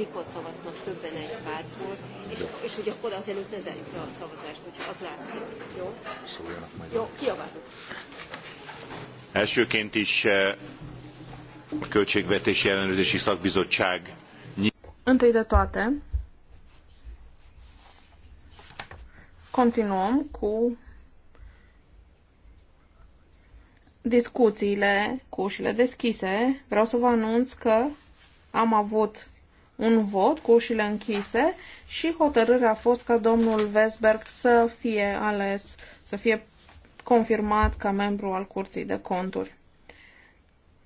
mikor szavaznak többen egy pártból, és, és hogy akkor azelőtt ne zárjuk le a szavazást, hogyha az látszik. Jó? Szóljanak majd. Jó, kiabálunk. Elsőként is eh, a Költségvetési Ellenőrzési Szakbizottság Întâi de toate, continuăm cu discuțiile cu ușile deschise. Vreau să vă anunț că am avut un vot cu ușile închise și hotărârea a fost ca domnul Vesberg să fie ales, să fie confirmat ca membru al Curții de Conturi.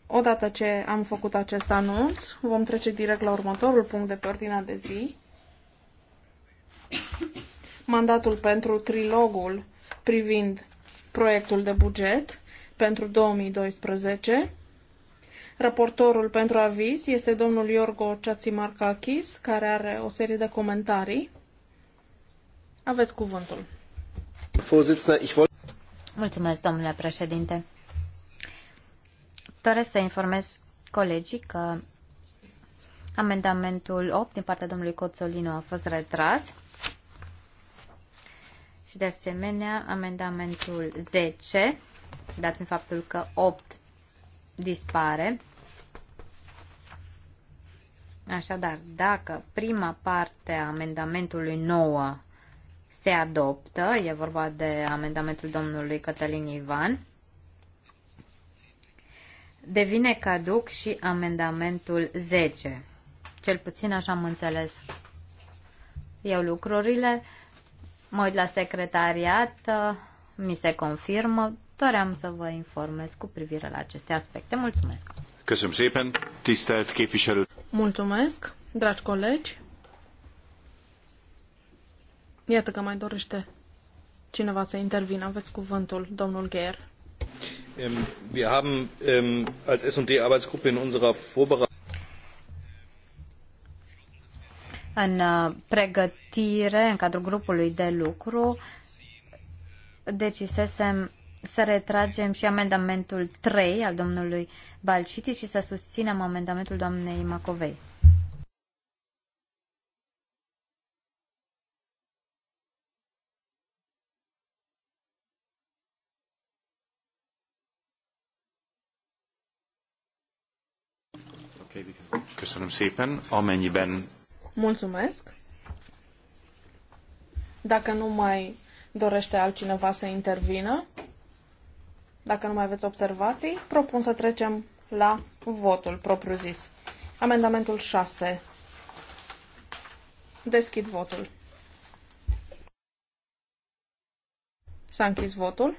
Odată ce am făcut acest anunț, vom trece direct la următorul punct de pe ordinea de zi. Mandatul pentru trilogul privind proiectul de buget pentru 2012 Raportorul pentru aviz este domnul Iorgo Ceațimarcachis, care are o serie de comentarii. Aveți cuvântul. Mulțumesc, domnule președinte. Doresc să informez colegii că amendamentul 8 din partea domnului Coțolino a fost retras și de asemenea amendamentul 10, dat în faptul că 8 dispare. Așadar, dacă prima parte a amendamentului 9 se adoptă, e vorba de amendamentul domnului Cătălin Ivan, devine caduc și amendamentul 10. Cel puțin așa am înțeles eu lucrurile. Mă uit la secretariat, mi se confirmă, Doream să vă informez cu privire la aceste aspecte. Mulțumesc! Mulțumesc, dragi colegi! Iată că mai dorește cineva să intervină. Aveți cuvântul, domnul Gher. Ähm, wir haben ähm, als S&D Arbeitsgruppe in unserer Vorbereitung în uh, pregătire, în cadrul grupului de lucru, decisesem să retragem și amendamentul 3 al domnului Balciti și să susținem amendamentul doamnei Macovei. Köszönöm szépen. Amennyiben... Mulțumesc. Dacă nu mai dorește altcineva să intervină, dacă nu mai aveți observații, propun să trecem la votul propriu-zis. Amendamentul 6. Deschid votul. S-a închis votul.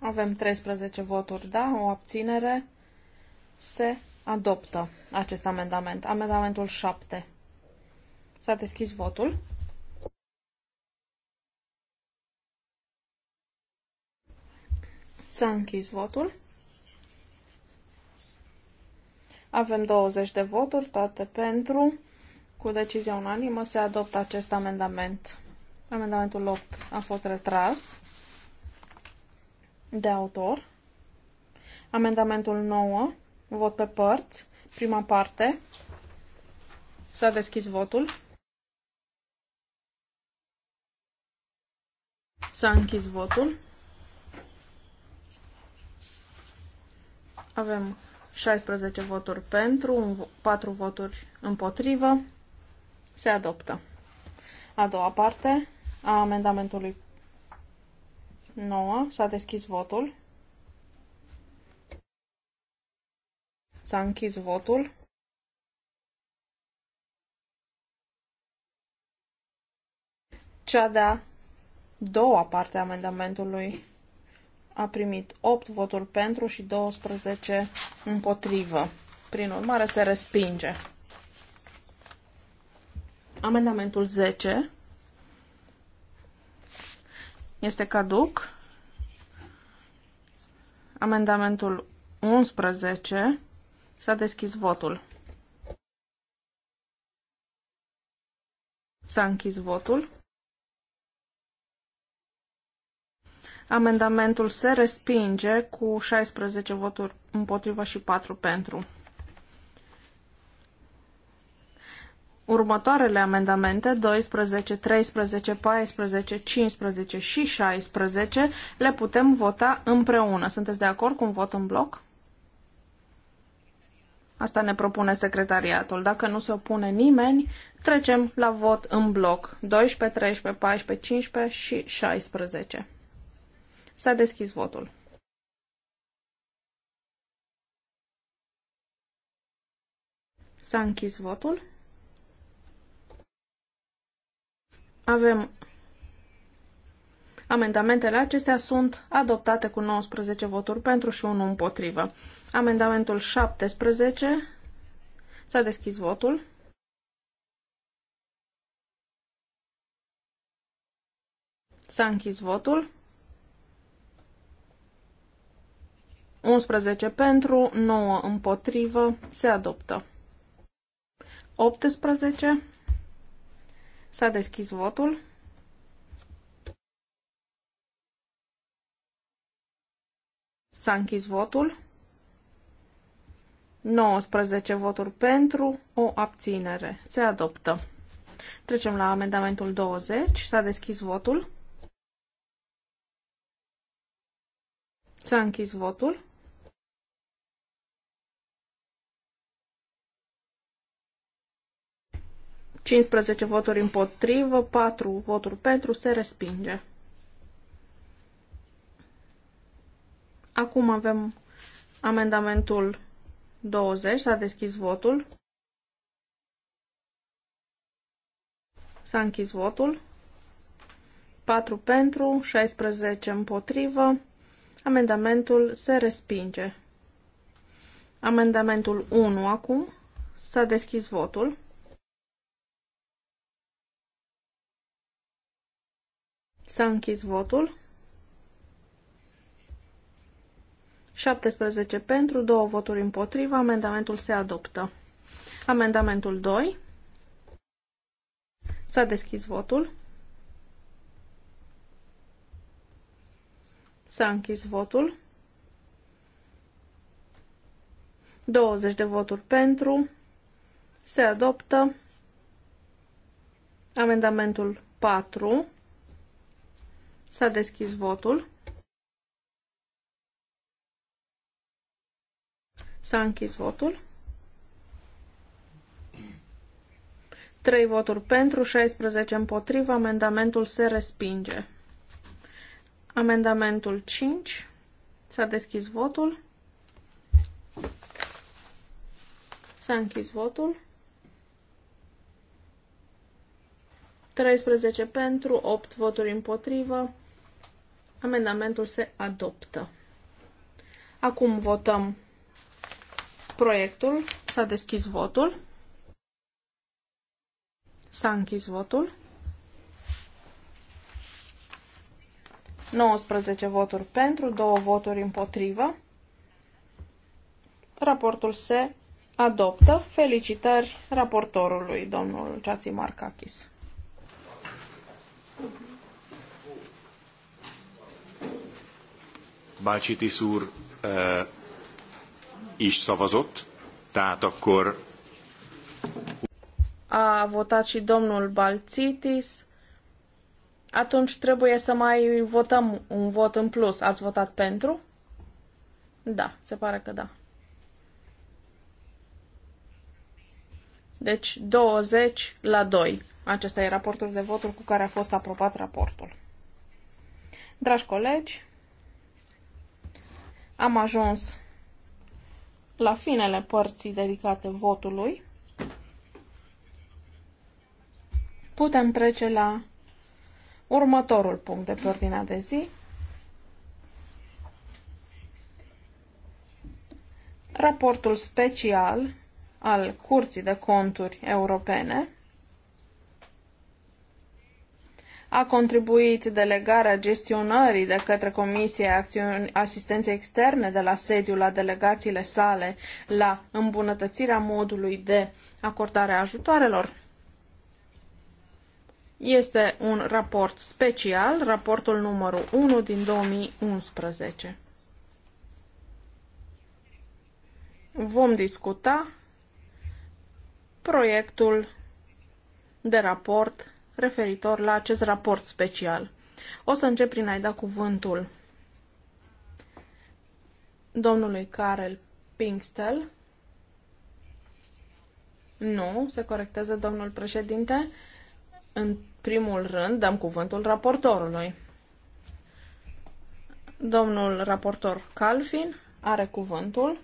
Avem 13 voturi, da, o abținere. Se adoptă acest amendament. Amendamentul 7. S-a deschis votul. S-a închis votul. Avem 20 de voturi, toate pentru. Cu decizia unanimă se adoptă acest amendament. Amendamentul 8 a fost retras de autor. Amendamentul 9 Vot pe părți. Prima parte. S-a deschis votul. S-a închis votul. Avem 16 voturi pentru, 4 voturi împotrivă. Se adoptă. A doua parte a amendamentului 9 s-a deschis votul. S-a închis votul. Cea de-a doua parte a amendamentului a primit 8 voturi pentru și 12 împotrivă. Prin urmare, se respinge. Amendamentul 10 este caduc. Amendamentul 11 S-a deschis votul. S-a închis votul. Amendamentul se respinge cu 16 voturi împotriva și 4 pentru. Următoarele amendamente, 12, 13, 14, 15 și 16, le putem vota împreună. Sunteți de acord cu un vot în bloc? Asta ne propune secretariatul. Dacă nu se opune nimeni, trecem la vot în bloc. 12, 13, 14, 15 și 16. S-a deschis votul. S-a închis votul. Avem Amendamentele acestea sunt adoptate cu 19 voturi pentru și unul împotrivă. Amendamentul 17 s-a deschis votul. S-a închis votul. 11 pentru, 9 împotrivă, se adoptă. 18. S-a deschis votul. S-a închis votul. 19 voturi pentru, o abținere. Se adoptă. Trecem la amendamentul 20. S-a deschis votul. S-a închis votul. Cincisprezece voturi împotrivă, patru voturi pentru, se respinge. Acum avem amendamentul 20. S-a deschis votul. S-a închis votul. 4 pentru, 16 împotrivă. Amendamentul se respinge. Amendamentul 1 acum. S-a deschis votul. S-a închis votul. 17 pentru, 2 voturi împotrivă, amendamentul se adoptă. Amendamentul 2. S-a deschis votul. S-a închis votul. 20 de voturi pentru. Se adoptă amendamentul 4. S-a deschis votul. S-a închis votul. 3 voturi pentru, 16 împotriva, amendamentul se respinge. Amendamentul 5. S-a deschis votul. S-a închis votul. 13 pentru, 8 voturi împotrivă. Amendamentul se adoptă. Acum votăm proiectul. S-a deschis votul. S-a închis votul. 19 voturi pentru, 2 voturi împotrivă. Raportul se adoptă. Felicitări raportorului, domnul Ceații Marcachis. Balcitis úr uh, is szavazott, tehát akkor... A votat și domnul Balcitis. Atunci trebuie să mai votăm un vot în plus. Ați votat pentru? Da, se pare că da. Deci 20 la 2. Acesta e raportul de voturi cu care a fost aprobat raportul. Dragi colegi, am ajuns la finele părții dedicate votului, putem trece la următorul punct de pe ordinea de zi. Raportul special al Curții de Conturi Europene a contribuit delegarea gestionării de către Comisia Asistenței Externe de la sediu la delegațiile sale la îmbunătățirea modului de acordare a ajutoarelor. Este un raport special, raportul numărul 1 din 2011. Vom discuta proiectul de raport referitor la acest raport special. O să încep prin a-i da cuvântul domnului Karel Pinkstel. Nu, se corectează domnul președinte. În primul rând dăm cuvântul raportorului. Domnul raportor Calvin are cuvântul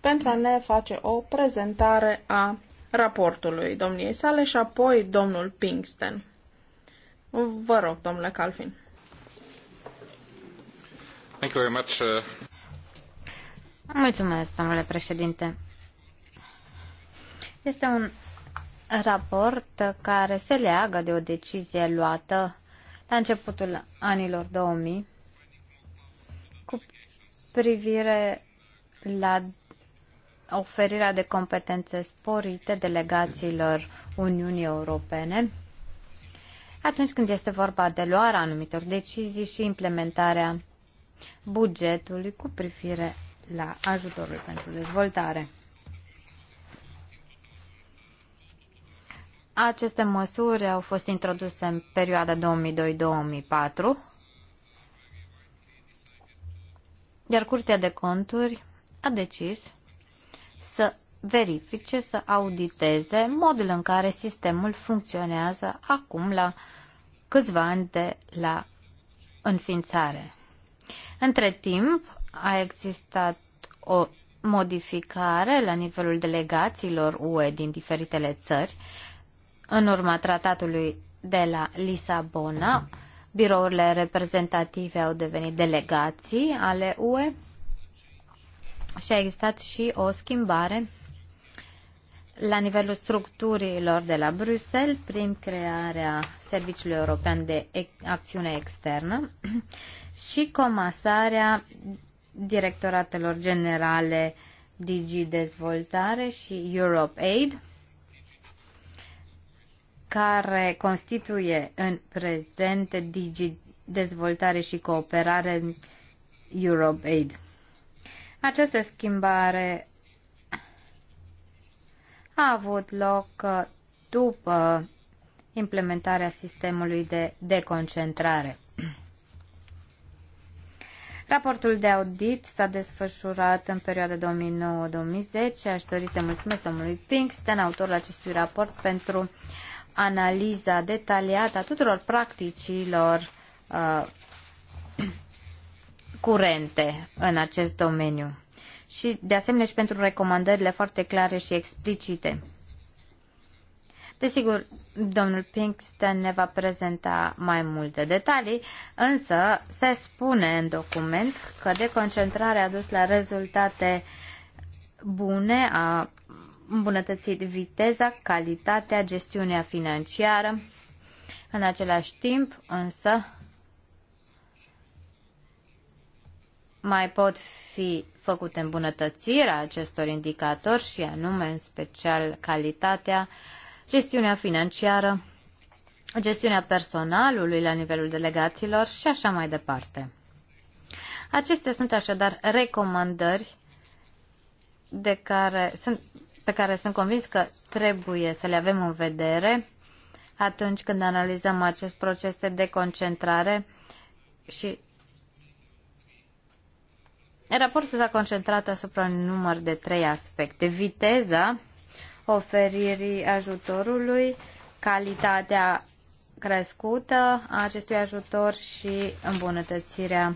pentru a ne face o prezentare a raportului domniei sale și apoi domnul Pinkston. Vă rog, domnule Calvin. Thank you very much. Uh, Mulțumesc, domnule președinte. Este un raport care se leagă de o decizie luată la începutul anilor 2000 cu privire la oferirea de competențe sporite delegațiilor Uniunii Europene atunci când este vorba de luarea anumitor decizii și implementarea bugetului cu privire la ajutorul pentru dezvoltare. Aceste măsuri au fost introduse în perioada 2002-2004, iar Curtea de Conturi a decis să verifice, să auditeze modul în care sistemul funcționează acum la câțiva ani de la înființare. Între timp a existat o modificare la nivelul delegațiilor UE din diferitele țări. În urma tratatului de la Lisabona, birourile reprezentative au devenit delegații ale UE și a existat și o schimbare la nivelul structurilor de la Bruxelles prin crearea Serviciului European de Acțiune Externă și comasarea directoratelor generale Digi Dezvoltare și Europe Aid, care constituie în prezent Digi Dezvoltare și Cooperare Europe Aid. Această schimbare a avut loc uh, după implementarea sistemului de deconcentrare. Raportul de audit s-a desfășurat în perioada 2009-2010 și aș dori să mulțumesc domnului Pinkston, autorul acestui raport, pentru analiza detaliată a tuturor practicilor uh, curente în acest domeniu. Și, de asemenea, și pentru recomandările foarte clare și explicite. Desigur, domnul Pinkston ne va prezenta mai multe detalii, însă se spune în document că deconcentrarea a dus la rezultate bune, a îmbunătățit viteza, calitatea, gestiunea financiară. În același timp, însă, mai pot fi făcute îmbunătățirea acestor indicatori și anume în special calitatea, gestiunea financiară, gestiunea personalului la nivelul delegaților și așa mai departe. Acestea sunt așadar recomandări de care sunt, pe care sunt convins că trebuie să le avem în vedere atunci când analizăm acest proces de deconcentrare și Raportul s-a concentrat asupra un număr de trei aspecte. Viteza oferirii ajutorului, calitatea crescută a acestui ajutor și îmbunătățirea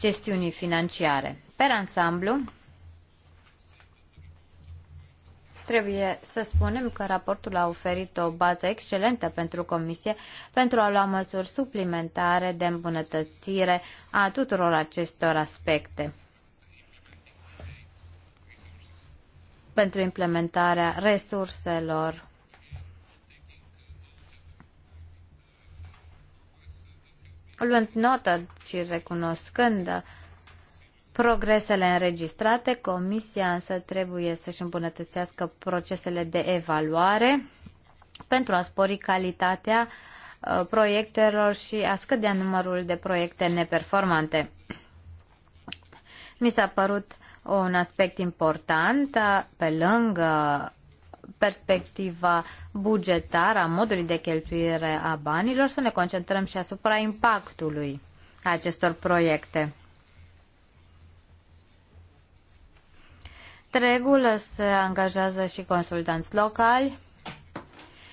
gestiunii financiare. Per ansamblu, Trebuie să spunem că raportul a oferit o bază excelentă pentru Comisie pentru a lua măsuri suplimentare de îmbunătățire a tuturor acestor aspecte. pentru implementarea resurselor luând notă și recunoscând progresele înregistrate. Comisia însă trebuie să-și îmbunătățească procesele de evaluare pentru a spori calitatea uh, proiectelor și a scădea numărul de proiecte neperformante. Mi s-a părut un aspect important uh, pe lângă perspectiva bugetară a modului de cheltuire a banilor, să ne concentrăm și asupra impactului acestor proiecte. regulă se angajează și consultanți locali,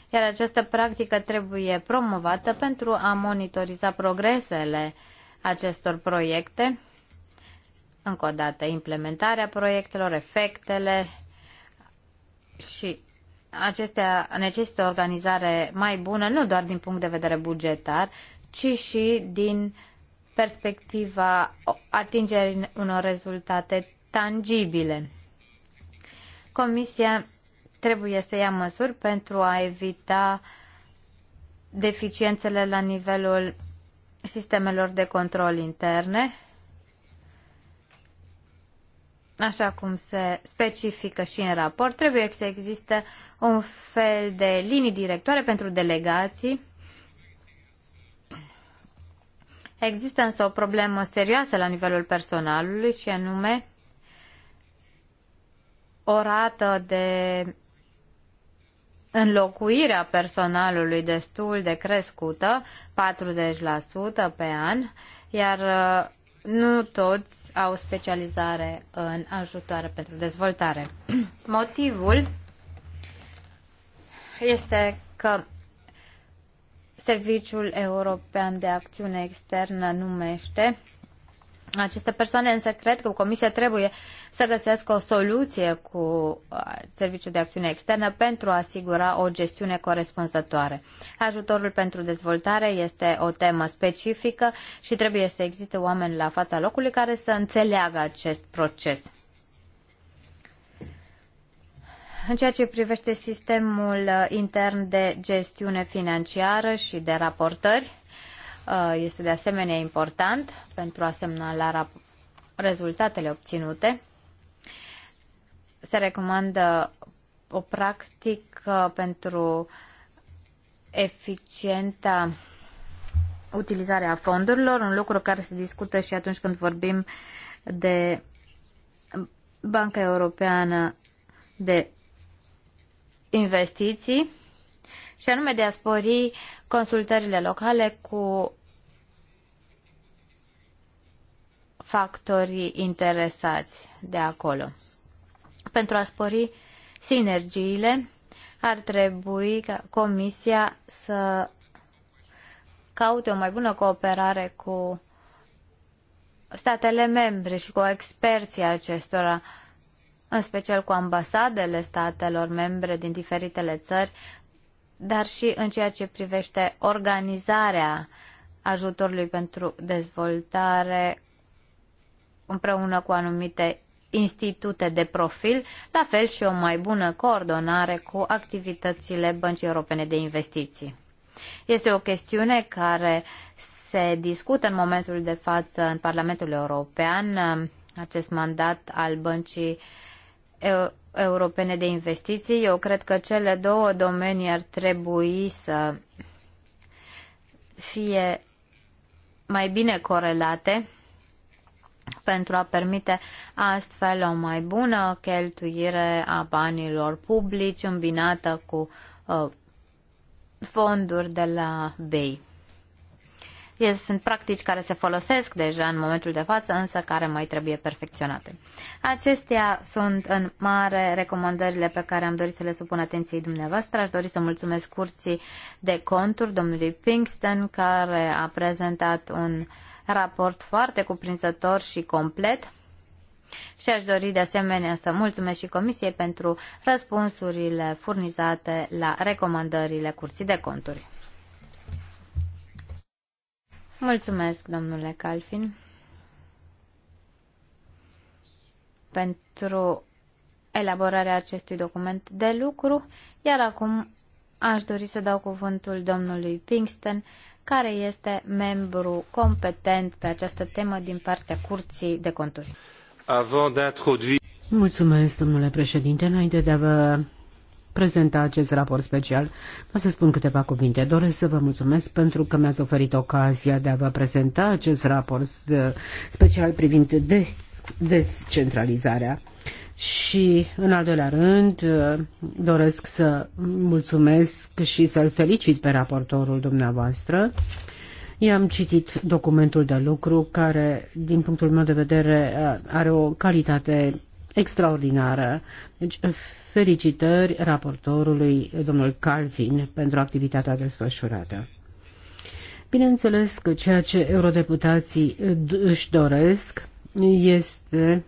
iar această practică trebuie promovată pentru a monitoriza progresele acestor proiecte, încă o dată implementarea proiectelor, efectele și acestea necesită o organizare mai bună, nu doar din punct de vedere bugetar, ci și din perspectiva atingerii unor rezultate tangibile. Comisia trebuie să ia măsuri pentru a evita deficiențele la nivelul sistemelor de control interne, așa cum se specifică și în raport, trebuie să existe un fel de linii directoare pentru delegații. Există însă o problemă serioasă la nivelul personalului și anume o rată de înlocuirea personalului destul de crescută, 40% pe an, iar uh, nu toți au specializare în ajutoare pentru dezvoltare. Motivul este că Serviciul European de Acțiune Externă numește aceste persoane însă cred că Comisia trebuie să găsească o soluție cu uh, Serviciul de Acțiune Externă pentru a asigura o gestiune corespunzătoare. Ajutorul pentru dezvoltare este o temă specifică și trebuie să existe oameni la fața locului care să înțeleagă acest proces. În ceea ce privește sistemul uh, intern de gestiune financiară și de raportări, Uh, este de asemenea important pentru a semnala rezultatele obținute. Se recomandă o practică pentru eficienta utilizare a fondurilor, un lucru care se discută și atunci când vorbim de Banca Europeană de Investiții și anume de a spori consultările locale cu factorii interesați de acolo. Pentru a spori sinergiile, ar trebui ca Comisia să caute o mai bună cooperare cu statele membre și cu experții acestora, în special cu ambasadele statelor membre din diferitele țări, dar și în ceea ce privește organizarea ajutorului pentru dezvoltare împreună cu anumite institute de profil, la fel și o mai bună coordonare cu activitățile Băncii Europene de Investiții. Este o chestiune care se discută în momentul de față în Parlamentul European, acest mandat al Băncii Europene de Investiții. Eu cred că cele două domenii ar trebui să fie mai bine corelate pentru a permite astfel o mai bună cheltuire a banilor publici îmbinată cu uh, fonduri de la BEI. Sunt practici care se folosesc deja în momentul de față, însă care mai trebuie perfecționate. Acestea sunt în mare recomandările pe care am dorit să le supun atenției dumneavoastră. Aș dori să mulțumesc curții de conturi, domnului Pinkston, care a prezentat un raport foarte cuprinzător și complet. Și aș dori de asemenea să mulțumesc și Comisiei pentru răspunsurile furnizate la recomandările Curții de Conturi. Mulțumesc, domnule Calfin, pentru elaborarea acestui document de lucru, iar acum aș dori să dau cuvântul domnului Pinkston, care este membru competent pe această temă din partea Curții de Conturi. Mulțumesc, domnule președinte. Înainte de a vă prezenta acest raport special. O să spun câteva cuvinte. Doresc să vă mulțumesc pentru că mi-ați oferit ocazia de a vă prezenta acest raport uh, special privind de descentralizarea. Și, în al doilea rând, uh, doresc să mulțumesc și să-l felicit pe raportorul dumneavoastră. I-am citit documentul de lucru care, din punctul meu de vedere, uh, are o calitate extraordinară. Deci, felicitări raportorului domnul Calvin pentru activitatea desfășurată. Bineînțeles că ceea ce eurodeputații își doresc este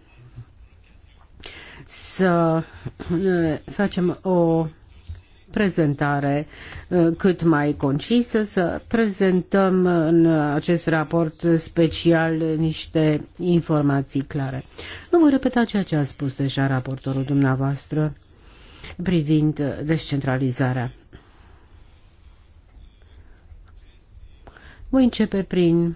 să facem o prezentare uh, cât mai concisă, să prezentăm în acest raport special niște informații clare. Nu voi repeta ceea ce a spus deja raportorul dumneavoastră privind descentralizarea. Voi începe prin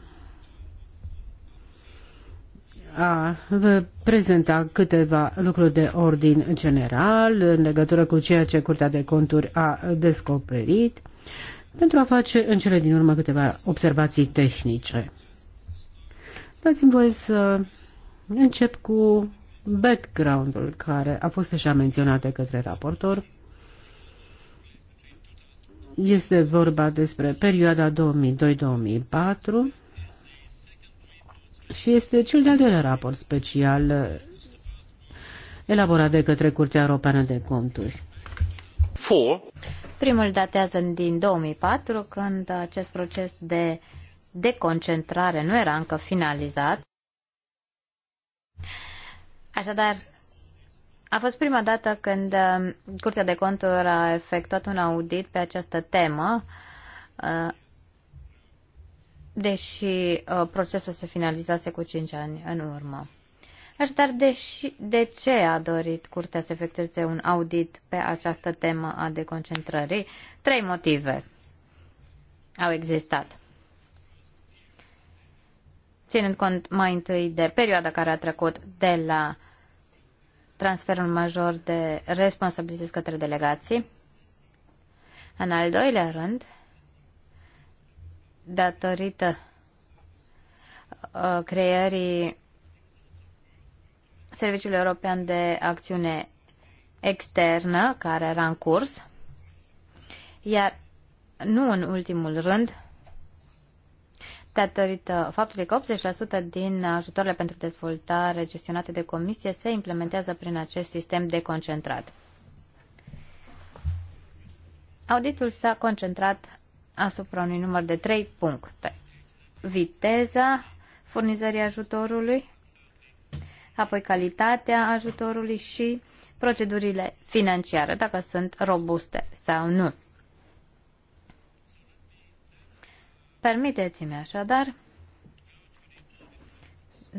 a vă prezenta câteva lucruri de ordin general în legătură cu ceea ce Curtea de Conturi a descoperit pentru a face în cele din urmă câteva observații tehnice. Dați-mi voie să încep cu background-ul care a fost deja menționat de către raportor. Este vorba despre perioada 2002-2004 și este cel de-al doilea raport special elaborat de către Curtea Europeană de Conturi. Four. Primul datează din 2004, când acest proces de deconcentrare nu era încă finalizat. Așadar, a fost prima dată când um, Curtea de Conturi a efectuat un audit pe această temă, uh, deși uh, procesul se finalizase cu 5 ani în urmă. Așadar, deși, de ce a dorit Curtea să efectueze un audit pe această temă a deconcentrării? Trei motive au existat. Ținând cont mai întâi de perioada care a trecut de la transferul major de responsabilități către delegații. În al doilea rând, datorită uh, creierii Serviciul European de Acțiune Externă, care era în curs, iar nu în ultimul rând, datorită faptului că 80% din ajutoarele pentru dezvoltare gestionate de comisie se implementează prin acest sistem de concentrat. Auditul s-a concentrat asupra unui număr de trei puncte. Viteza furnizării ajutorului, apoi calitatea ajutorului și procedurile financiare, dacă sunt robuste sau nu. Permiteți-mi așadar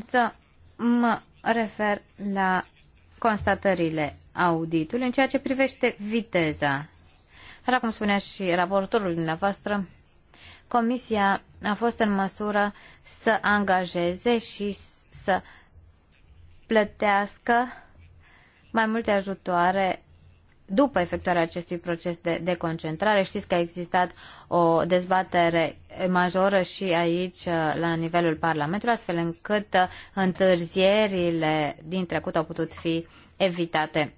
să mă refer la constatările auditului în ceea ce privește viteza. Așa cum spunea și raportorul dumneavoastră, Comisia a fost în măsură să angajeze și să plătească mai multe ajutoare după efectuarea acestui proces de deconcentrare. Știți că a existat o dezbatere majoră și aici uh, la nivelul Parlamentului, astfel încât uh, întârzierile din trecut au putut fi evitate.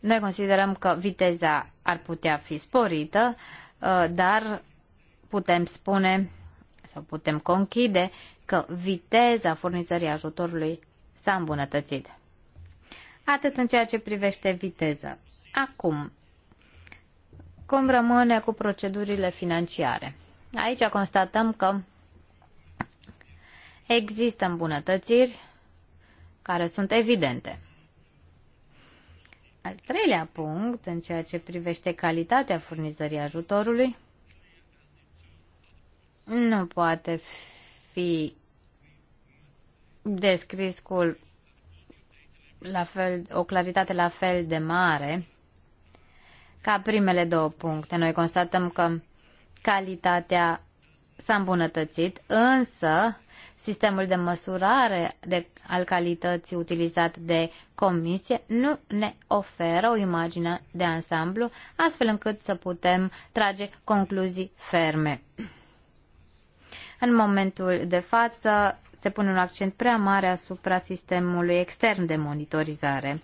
Noi considerăm că viteza ar putea fi sporită, uh, dar putem spune sau putem conchide că viteza furnizării ajutorului s-a îmbunătățit atât în ceea ce privește viteza. Acum, cum rămâne cu procedurile financiare? Aici constatăm că există îmbunătățiri care sunt evidente. Al treilea punct, în ceea ce privește calitatea furnizării ajutorului, nu poate fi descris cu la fel, o claritate la fel de mare ca primele două puncte. Noi constatăm că calitatea s-a îmbunătățit, însă sistemul de măsurare de, al calității utilizat de comisie nu ne oferă o imagine de ansamblu, astfel încât să putem trage concluzii ferme. În momentul de față, se pune un accent prea mare asupra sistemului extern de monitorizare.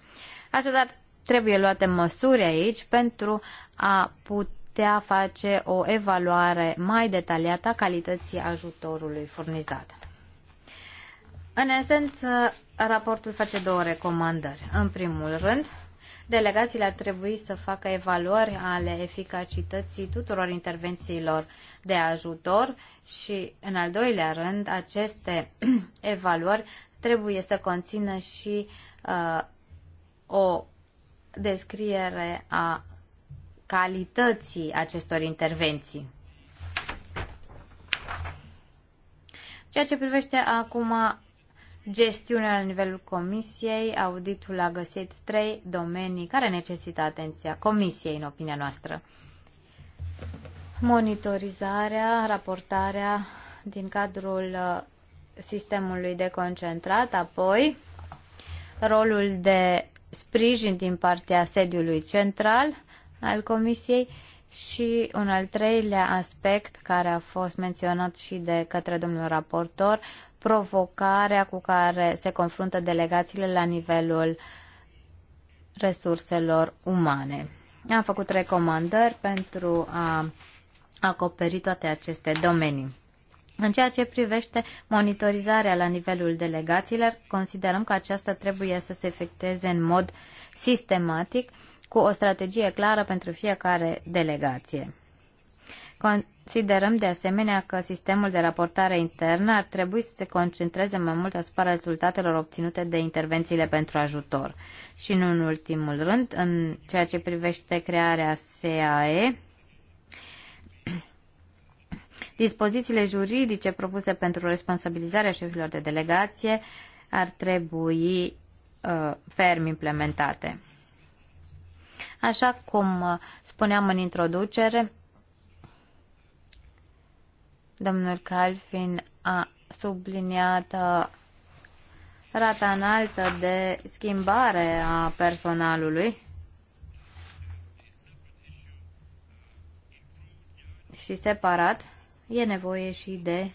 Așadar, trebuie luate măsuri aici pentru a putea face o evaluare mai detaliată a calității ajutorului furnizat. În esență, raportul face două recomandări. În primul rând, Delegațiile ar trebui să facă evaluări ale eficacității tuturor intervențiilor de ajutor și, în al doilea rând, aceste evaluări trebuie să conțină și uh, o descriere a calității acestor intervenții. Ceea ce privește acum gestiunea la nivelul comisiei, auditul a găsit trei domenii care necesită atenția comisiei, în opinia noastră. Monitorizarea, raportarea din cadrul uh, sistemului de concentrat, apoi rolul de sprijin din partea sediului central al comisiei și un al treilea aspect care a fost menționat și de către domnul raportor, provocarea cu care se confruntă delegațiile la nivelul resurselor umane. Am făcut recomandări pentru a acoperi toate aceste domenii. În ceea ce privește monitorizarea la nivelul delegațiilor, considerăm că aceasta trebuie să se efectueze în mod sistematic, cu o strategie clară pentru fiecare delegație. Considerăm de asemenea că sistemul de raportare internă ar trebui să se concentreze mai mult asupra rezultatelor obținute de intervențiile pentru ajutor. Și nu în ultimul rând, în ceea ce privește crearea SAE, dispozițiile juridice propuse pentru responsabilizarea șefilor de delegație ar trebui uh, ferm implementate. Așa cum uh, spuneam în introducere, Domnul Calvin a subliniat uh, rata înaltă de schimbare a personalului și separat e nevoie și de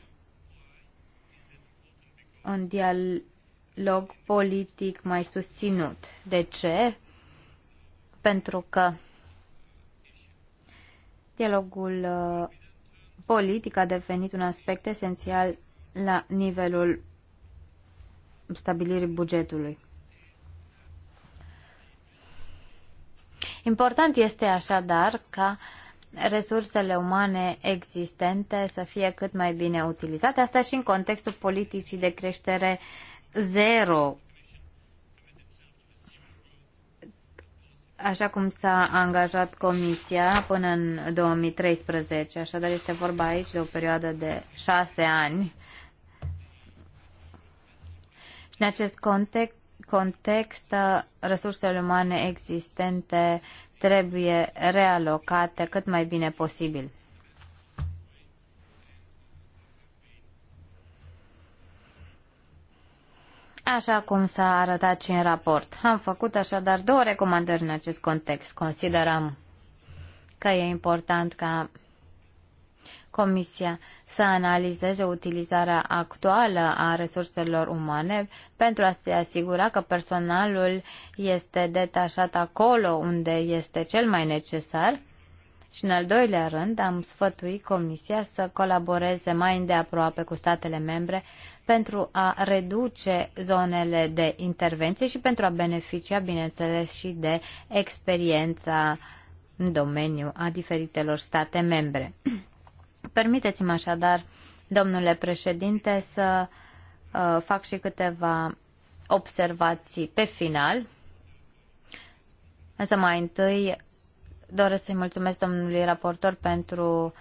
un dialog politic mai susținut. De ce? Pentru că dialogul uh, politic a devenit un aspect esențial la nivelul stabilirii bugetului. Important este așadar ca resursele umane existente să fie cât mai bine utilizate, asta și în contextul politicii de creștere zero așa cum s-a angajat Comisia până în 2013. Așadar, este vorba aici de o perioadă de șase ani. Și în acest context, context, resursele umane existente trebuie realocate cât mai bine posibil. Așa cum s-a arătat și în raport. Am făcut așadar două recomandări în acest context. Considerăm că e important ca Comisia să analizeze utilizarea actuală a resurselor umane pentru a se asigura că personalul este detașat acolo unde este cel mai necesar și în al doilea rând am sfătuit Comisia să colaboreze mai îndeaproape cu statele membre pentru a reduce zonele de intervenție și pentru a beneficia, bineînțeles, și de experiența în domeniu a diferitelor state membre. Permiteți-mi așadar, domnule președinte, să uh, fac și câteva observații pe final, însă mai întâi Doresc să-i mulțumesc domnului raportor pentru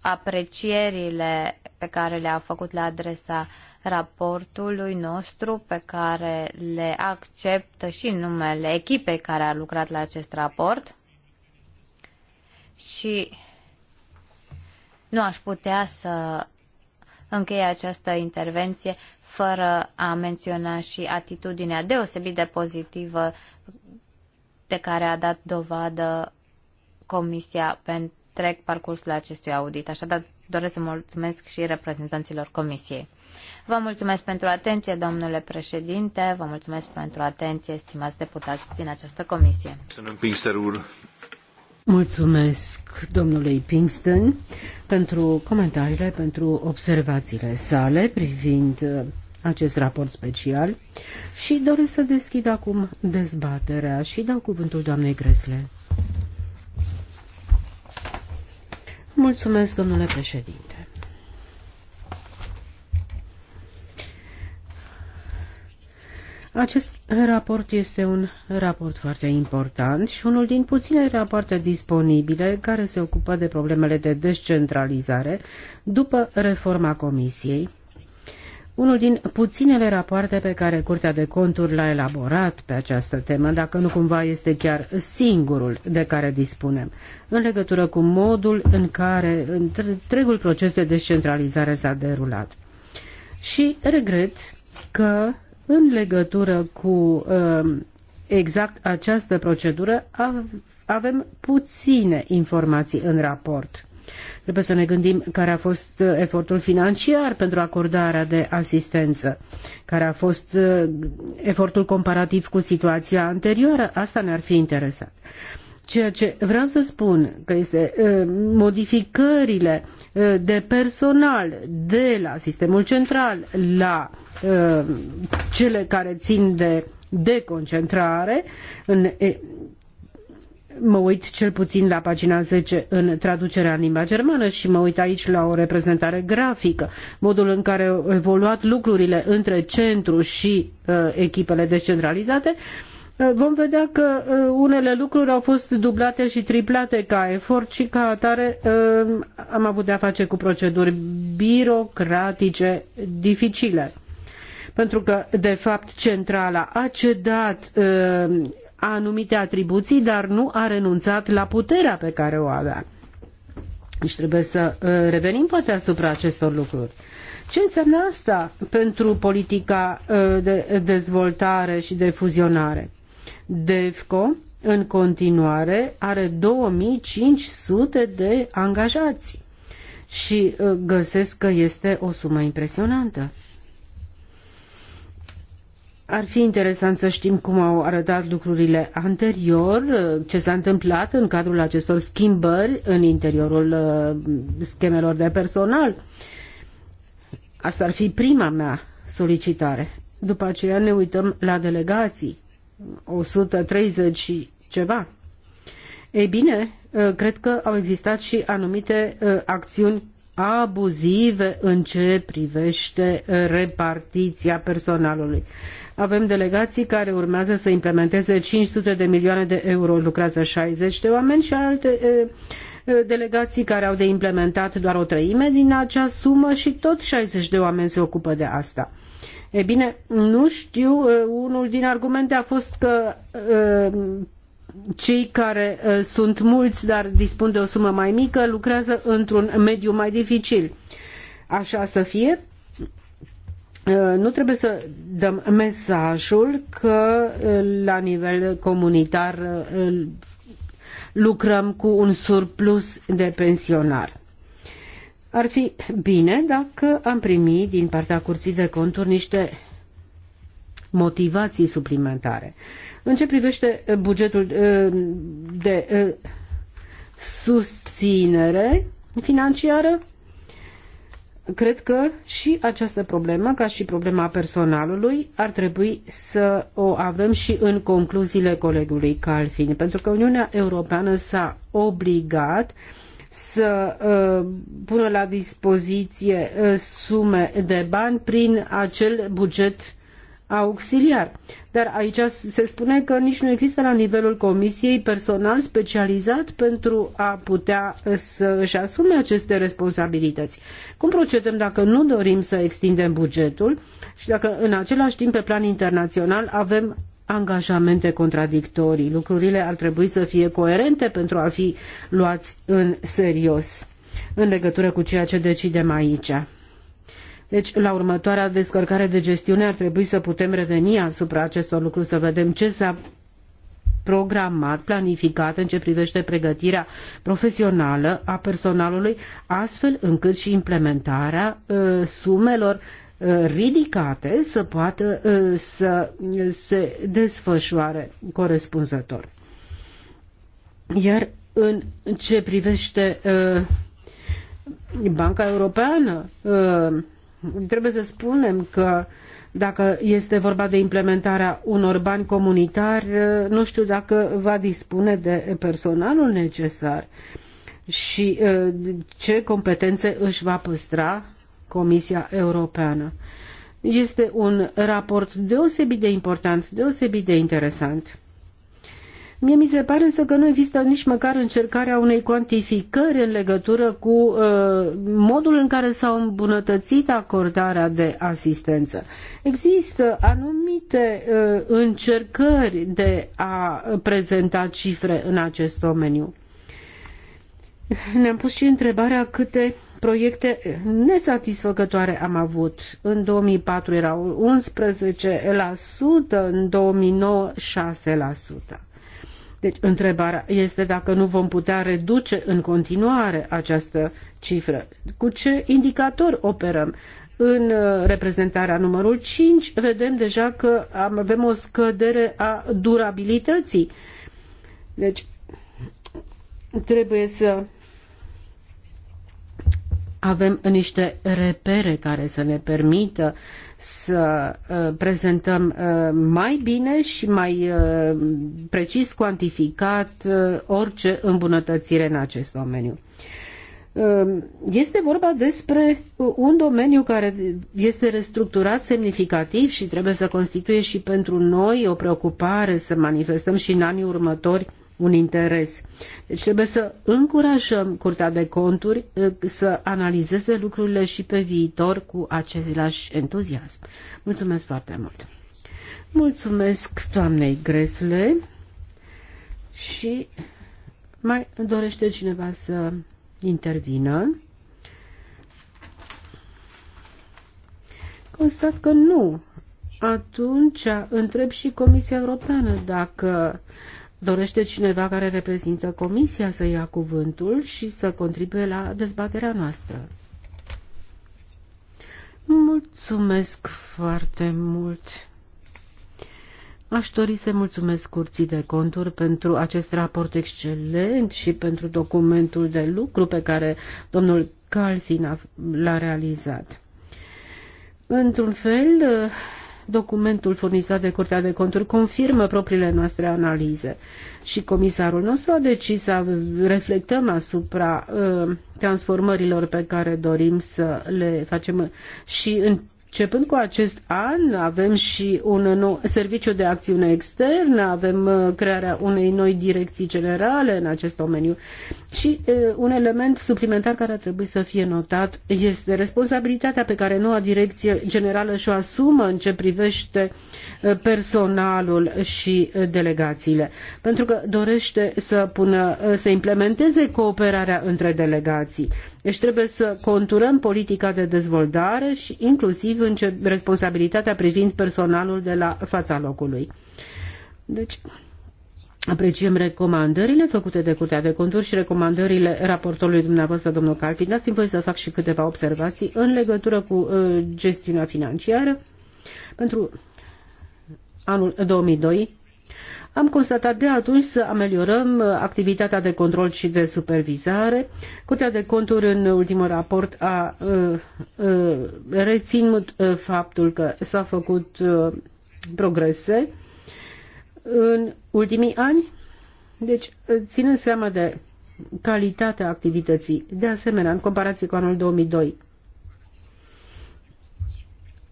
aprecierile pe care le-a făcut la adresa raportului nostru, pe care le acceptă și în numele echipei care a lucrat la acest raport. Și nu aș putea să închei această intervenție fără a menționa și atitudinea deosebit de pozitivă de care a dat dovadă Comisia pe întreg parcursul acestui audit. Așadar, doresc să mulțumesc și reprezentanților Comisiei. Vă mulțumesc pentru atenție, domnule președinte, vă mulțumesc pentru atenție, stimați deputați din această comisie. Mulțumesc domnului Pinkston pentru comentariile, pentru observațiile sale privind uh, acest raport special și doresc să deschid acum dezbaterea și dau cuvântul doamnei Gresle. Mulțumesc, domnule președinte. Acest raport este un raport foarte important și unul din puține rapoarte disponibile care se ocupă de problemele de descentralizare după reforma Comisiei unul din puținele rapoarte pe care Curtea de Conturi l-a elaborat pe această temă, dacă nu cumva este chiar singurul de care dispunem, în legătură cu modul în care întregul proces de descentralizare s-a derulat. Și regret că în legătură cu um, exact această procedură avem puține informații în raport. Trebuie să ne gândim care a fost uh, efortul financiar pentru acordarea de asistență, care a fost uh, efortul comparativ cu situația anterioară. Asta ne-ar fi interesat. Ceea ce vreau să spun că este uh, modificările de personal de la sistemul central la cele care țin de deconcentrare în mă uit cel puțin la pagina 10 în traducerea în limba germană și mă uit aici la o reprezentare grafică, modul în care au evoluat lucrurile între centru și uh, echipele descentralizate, uh, vom vedea că uh, unele lucruri au fost dublate și triplate ca efort și ca atare uh, am avut de a face cu proceduri birocratice dificile pentru că, de fapt, centrala a cedat anumite atribuții, dar nu a renunțat la puterea pe care o avea. Deci trebuie să uh, revenim poate asupra acestor lucruri. Ce înseamnă asta pentru politica uh, de dezvoltare și de fuzionare? DEFCO în continuare are 2500 de angajați și uh, găsesc că este o sumă impresionantă. Ar fi interesant să știm cum au arătat lucrurile anterior, ce s-a întâmplat în cadrul acestor schimbări în interiorul uh, schemelor de personal. Asta ar fi prima mea solicitare. După aceea ne uităm la delegații, 130 și ceva. Ei bine, uh, cred că au existat și anumite uh, acțiuni abuzive în ce privește repartiția personalului. Avem delegații care urmează să implementeze 500 de milioane de euro, lucrează 60 de oameni și alte delegații care au de implementat doar o treime din acea sumă și tot 60 de oameni se ocupă de asta. E bine, nu știu, unul din argumente a fost că cei care sunt mulți, dar dispun de o sumă mai mică, lucrează într-un mediu mai dificil. Așa să fie, Uh, nu trebuie să dăm mesajul că uh, la nivel comunitar uh, lucrăm cu un surplus de pensionar. Ar fi bine dacă am primit din partea Curții de Conturi niște motivații suplimentare. În ce privește bugetul de susținere financiară, cred că și această problemă, ca și problema personalului, ar trebui să o avem și în concluziile colegului Calfin, pentru că Uniunea Europeană s-a obligat să uh, pună la dispoziție uh, sume de bani prin acel buget auxiliar. Dar aici se spune că nici nu există la nivelul comisiei personal specializat pentru a putea să își asume aceste responsabilități. Cum procedăm dacă nu dorim să extindem bugetul și dacă în același timp pe plan internațional avem angajamente contradictorii. Lucrurile ar trebui să fie coerente pentru a fi luați în serios în legătură cu ceea ce decidem aici. Deci, la următoarea descărcare de gestiune ar trebui să putem reveni asupra acestor lucruri, să vedem ce s-a programat, planificat în ce privește pregătirea profesională a personalului, astfel încât și implementarea uh, sumelor uh, ridicate să poată uh, să se desfășoare corespunzător. Iar în ce privește uh, Banca Europeană, uh, trebuie să spunem că dacă este vorba de implementarea unor bani comunitari, nu știu dacă va dispune de personalul necesar și eh, ce competențe își va păstra Comisia Europeană. Este un raport deosebit de important, deosebit de interesant. Mie mi se pare însă că nu există nici măcar încercarea unei cuantificări în legătură cu uh, modul în care s-a îmbunătățit acordarea de asistență. Există anumite uh, încercări de a prezenta cifre în acest domeniu. Ne-am pus și întrebarea câte proiecte nesatisfăcătoare am avut. În 2004 erau 11%, în 2009 6%. Deci, întrebarea este dacă nu vom putea reduce în continuare această cifră. Cu ce indicator operăm? În uh, reprezentarea numărul 5 vedem deja că avem o scădere a durabilității. Deci, trebuie să avem niște repere care să ne permită uh, să uh, prezentăm uh, mai bine și mai uh, precis cuantificat orice îmbunătățire în acest domeniu. Este vorba despre un domeniu care este restructurat semnificativ și trebuie să constituie și pentru noi o preocupare să manifestăm și în anii următori un interes. Deci trebuie să încurajăm Curtea de Conturi eh, să analizeze lucrurile și pe viitor cu același entuziasm. Mulțumesc foarte mult! Mulțumesc doamnei Gresle și mai dorește cineva să intervină? Constat că nu. Atunci întreb și Comisia Europeană dacă Dorește cineva care reprezintă Comisia să ia cuvântul și să contribuie la dezbaterea noastră. Mulțumesc foarte mult. Aș dori să mulțumesc Curții de Conturi pentru acest raport excelent și pentru documentul de lucru pe care domnul Calfin l-a realizat. Într-un fel, documentul furnizat de Curtea de Conturi confirmă propriile noastre analize și comisarul nostru a decis să reflectăm asupra uh, transformărilor pe care dorim să le facem și în Începând cu acest an, avem și un nou serviciu de acțiune externă, avem uh, crearea unei noi direcții generale în acest domeniu și uh, un element suplimentar care ar trebui să fie notat este responsabilitatea pe care noua direcție generală și-o asumă în ce privește uh, personalul și delegațiile, pentru că dorește să pună, să implementeze cooperarea între delegații. Deci trebuie să conturăm politica de dezvoltare și inclusiv în ce, responsabilitatea privind personalul de la fața locului. Deci, Apreciem recomandările făcute de Curtea de Conturi și recomandările raportorului dumneavoastră, domnul Calfi. Dați-mi voi să fac și câteva observații în legătură cu uh, gestiunea financiară. Pentru anul 2002 am constatat de atunci să ameliorăm uh, activitatea de control și de supervizare. Curtea de conturi în ultimul raport a uh, uh, reținut faptul că s-au făcut progrese în ultimii ani. Deci, ținând seama de calitatea activității, de asemenea, în comparație cu anul 2002,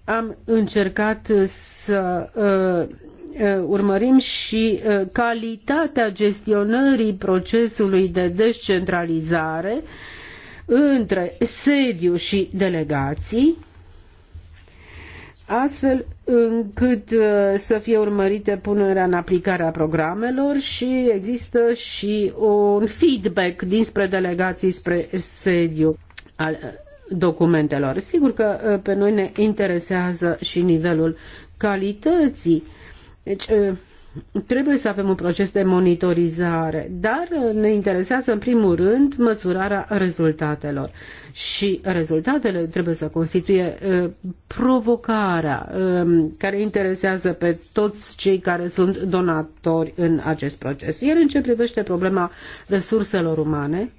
am încercat să uh, Uh, urmărim și uh, calitatea gestionării procesului de descentralizare între sediu și delegații, astfel încât uh, să fie urmărite punerea în aplicare a programelor și există și un feedback dinspre delegații spre sediu al documentelor. Sigur că pe noi ne interesează și nivelul calității deci, trebuie să avem un proces de monitorizare, dar ne interesează în primul rând măsurarea rezultatelor. Și rezultatele trebuie să constituie provocarea care interesează pe toți cei care sunt donatori în acest proces. Iar în ce privește problema resurselor umane,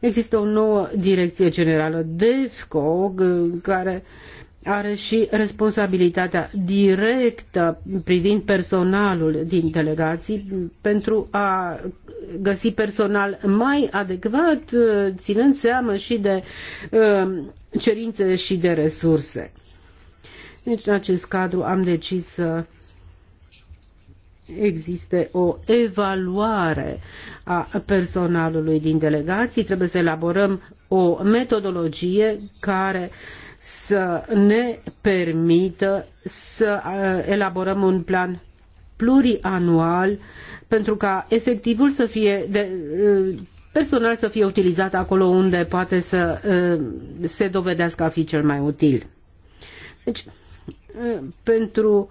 există o nouă direcție generală DEFCO care uh, are și responsabilitatea directă privind personalul din delegații pentru a găsi personal mai adecvat, ținând seama și de um, cerințe și de resurse. Deci, în acest cadru am decis să existe o evaluare a personalului din delegații. Trebuie să elaborăm o metodologie care uh, să ne permită să elaborăm un plan plurianual pentru ca efectivul să fie de, personal să fie utilizat acolo unde poate să se dovedească a fi cel mai util. Deci, pentru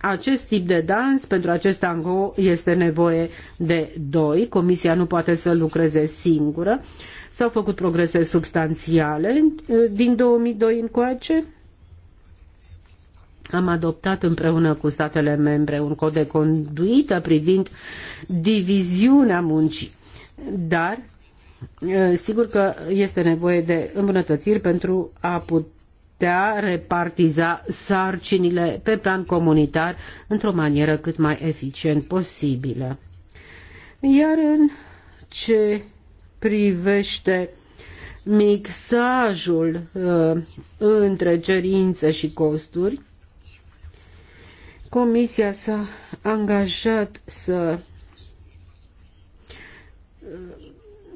acest tip de dans, pentru acest tango, este nevoie de doi. Comisia nu poate să lucreze singură S-au făcut progrese substanțiale din 2002 încoace. Am adoptat împreună cu statele membre un cod de conduită privind diviziunea muncii, dar eh, sigur că este nevoie de îmbunătățiri pentru a putea repartiza sarcinile pe plan comunitar într-o manieră cât mai eficient posibilă. Iar în ce privește mixajul uh, între cerințe și costuri, Comisia s-a angajat să uh,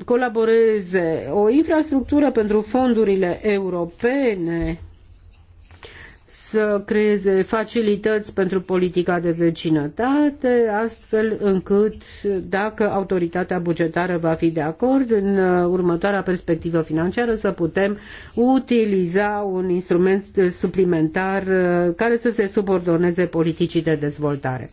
colaboreze o infrastructură pentru fondurile europene să creeze facilități pentru politica de vecinătate, astfel încât, dacă autoritatea bugetară va fi de acord, în următoarea perspectivă financiară să putem utiliza un instrument suplimentar uh, care să se subordoneze politicii de dezvoltare.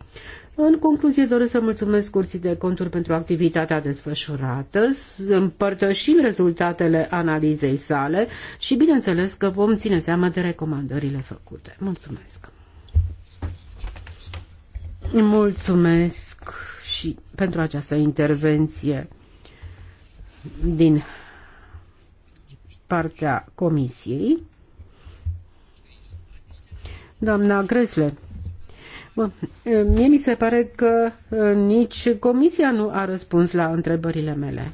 În concluzie, doresc să mulțumesc Curții de Conturi pentru activitatea desfășurată, împărtășim rezultatele analizei sale și bineînțeles că vom ține seama de recomandările făcute. Mulțumesc! Mulțumesc și pentru această intervenție din partea Comisiei. Doamna Gresle, Mie mi se pare că nici Comisia nu a răspuns la întrebările mele.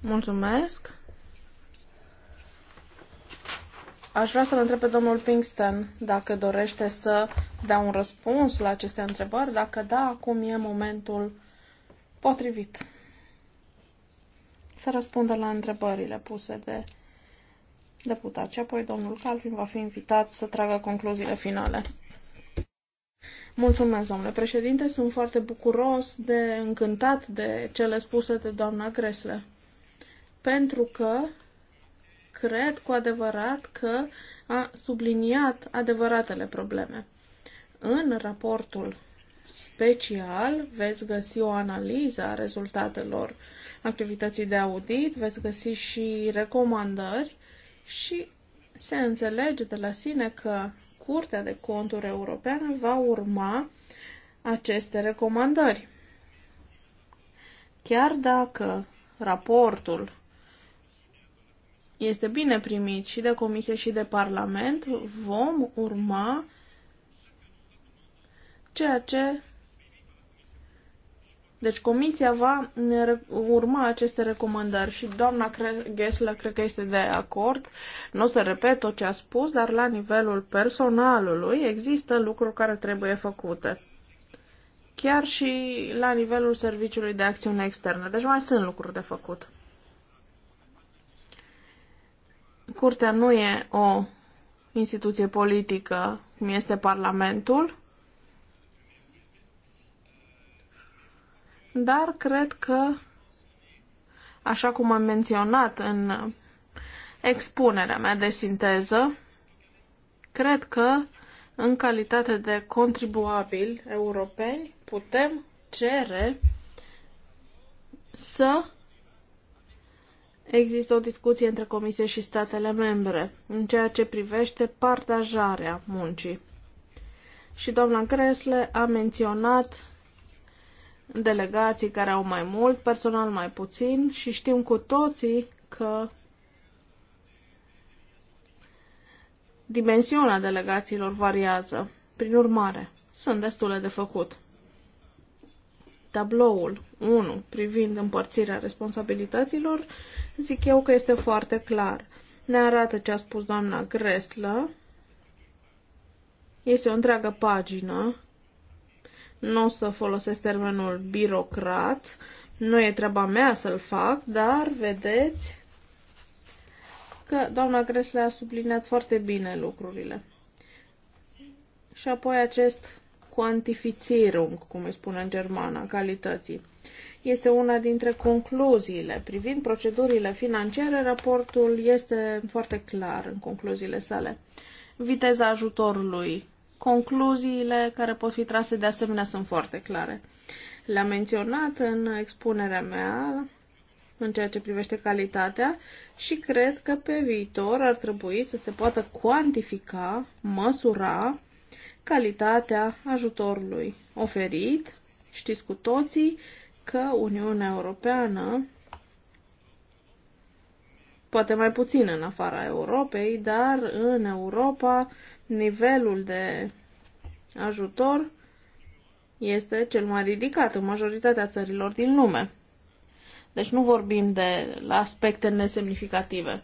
Mulțumesc. Aș vrea să-l întreb pe domnul Pinkston dacă dorește să dea un răspuns la aceste întrebări. Dacă da, acum e momentul potrivit să răspundă la întrebările puse de deputați și apoi domnul Calvin va fi invitat să tragă concluziile finale. Mulțumesc, domnule președinte. Sunt foarte bucuros de încântat de cele spuse de doamna Gresle. Pentru că cred cu adevărat că a subliniat adevăratele probleme. În raportul special veți găsi o analiză a rezultatelor activității de audit, veți găsi și recomandări și se înțelege de la sine că Curtea de Conturi Europeană va urma aceste recomandări. Chiar dacă raportul este bine primit și de Comisie și de Parlament, vom urma ceea ce deci comisia va urma aceste recomandări și doamna Ghesla cred că este de acord. Nu o să repet tot ce a spus, dar la nivelul personalului există lucruri care trebuie făcute. Chiar și la nivelul serviciului de acțiune externă. Deci mai sunt lucruri de făcut. Curtea nu e o instituție politică, cum este Parlamentul, dar cred că, așa cum am menționat în expunerea mea de sinteză, cred că, în calitate de contribuabili europeni, putem cere să există o discuție între Comisie și statele membre în ceea ce privește partajarea muncii. Și doamna Cresle a menționat delegații care au mai mult, personal mai puțin și știm cu toții că dimensiunea delegațiilor variază. Prin urmare, sunt destule de făcut. Tabloul 1 privind împărțirea responsabilităților, zic eu că este foarte clar. Ne arată ce a spus doamna Greslă. Este o întreagă pagină nu o să folosesc termenul birocrat, nu e treaba mea să-l fac, dar vedeți că doamna Gresle a subliniat foarte bine lucrurile. Și apoi acest quantifizierung, cum îi spune în germană, calității. Este una dintre concluziile. Privind procedurile financiare, raportul este foarte clar în concluziile sale. Viteza ajutorului Concluziile care pot fi trase de asemenea sunt foarte clare. Le-am menționat în expunerea mea în ceea ce privește calitatea și cred că pe viitor ar trebui să se poată cuantifica, măsura calitatea ajutorului oferit. Știți cu toții că Uniunea Europeană poate mai puțin în afara Europei, dar în Europa nivelul de ajutor este cel mai ridicat în majoritatea țărilor din lume. Deci nu vorbim de aspecte nesemnificative.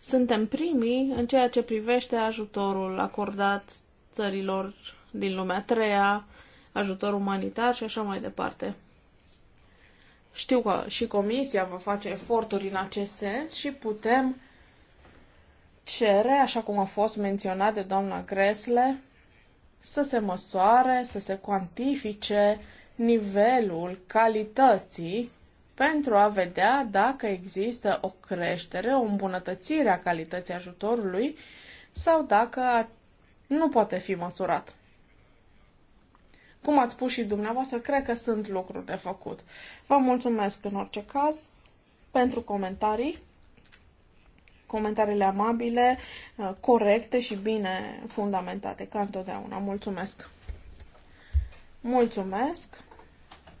Suntem primii în ceea ce privește ajutorul acordat țărilor din lumea treia, ajutor umanitar și așa mai departe. Știu că și Comisia va face eforturi în acest sens și putem cere, așa cum a fost menționat de doamna Gresle, să se măsoare, să se cuantifice nivelul calității pentru a vedea dacă există o creștere, o îmbunătățire a calității ajutorului sau dacă nu poate fi măsurat. Cum ați spus și dumneavoastră, cred că sunt lucruri de făcut. Vă mulțumesc în orice caz pentru comentarii comentariile amabile, uh, corecte și bine fundamentate, ca întotdeauna. Mulțumesc! Mulțumesc!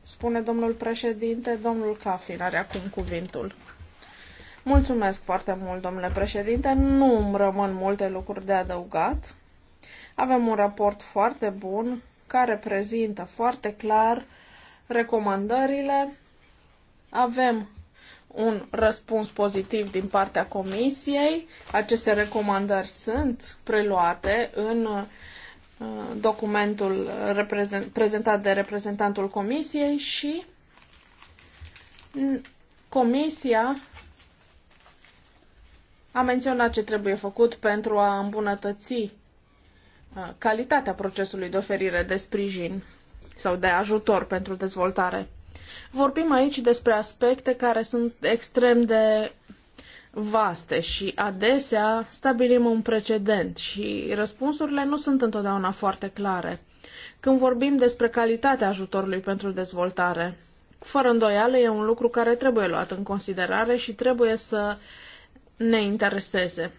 Spune domnul președinte, domnul Cafin are acum cuvintul. Mulțumesc foarte mult, domnule președinte. Nu îmi rămân multe lucruri de adăugat. Avem un raport foarte bun care prezintă foarte clar recomandările. Avem un răspuns pozitiv din partea Comisiei. Aceste recomandări sunt preluate în uh, documentul prezentat de reprezentantul Comisiei și Comisia a menționat ce trebuie făcut pentru a îmbunătăți uh, calitatea procesului de oferire de sprijin sau de ajutor pentru dezvoltare. Vorbim aici despre aspecte care sunt extrem de vaste și adesea stabilim un precedent și răspunsurile nu sunt întotdeauna foarte clare. Când vorbim despre calitatea ajutorului pentru dezvoltare, fără îndoială e un lucru care trebuie luat în considerare și trebuie să ne intereseze.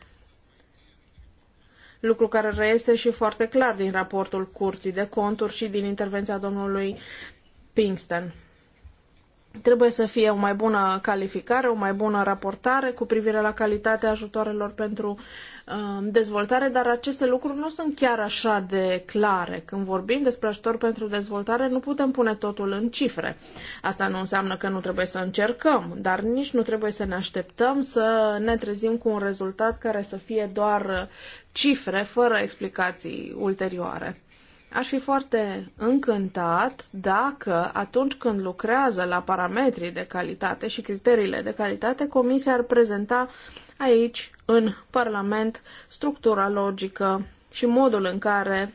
Lucru care reiese și foarte clar din raportul Curții de Conturi și din intervenția domnului Pinkston. Trebuie să fie o mai bună calificare, o mai bună raportare cu privire la calitatea ajutoarelor pentru uh, dezvoltare, dar aceste lucruri nu sunt chiar așa de clare. Când vorbim despre ajutor pentru dezvoltare, nu putem pune totul în cifre. Asta nu înseamnă că nu trebuie să încercăm, dar nici nu trebuie să ne așteptăm să ne trezim cu un rezultat care să fie doar cifre, fără explicații ulterioare. Aș fi foarte încântat dacă, atunci când lucrează la parametrii de calitate și criteriile de calitate, Comisia ar prezenta aici, în Parlament, structura logică și modul în care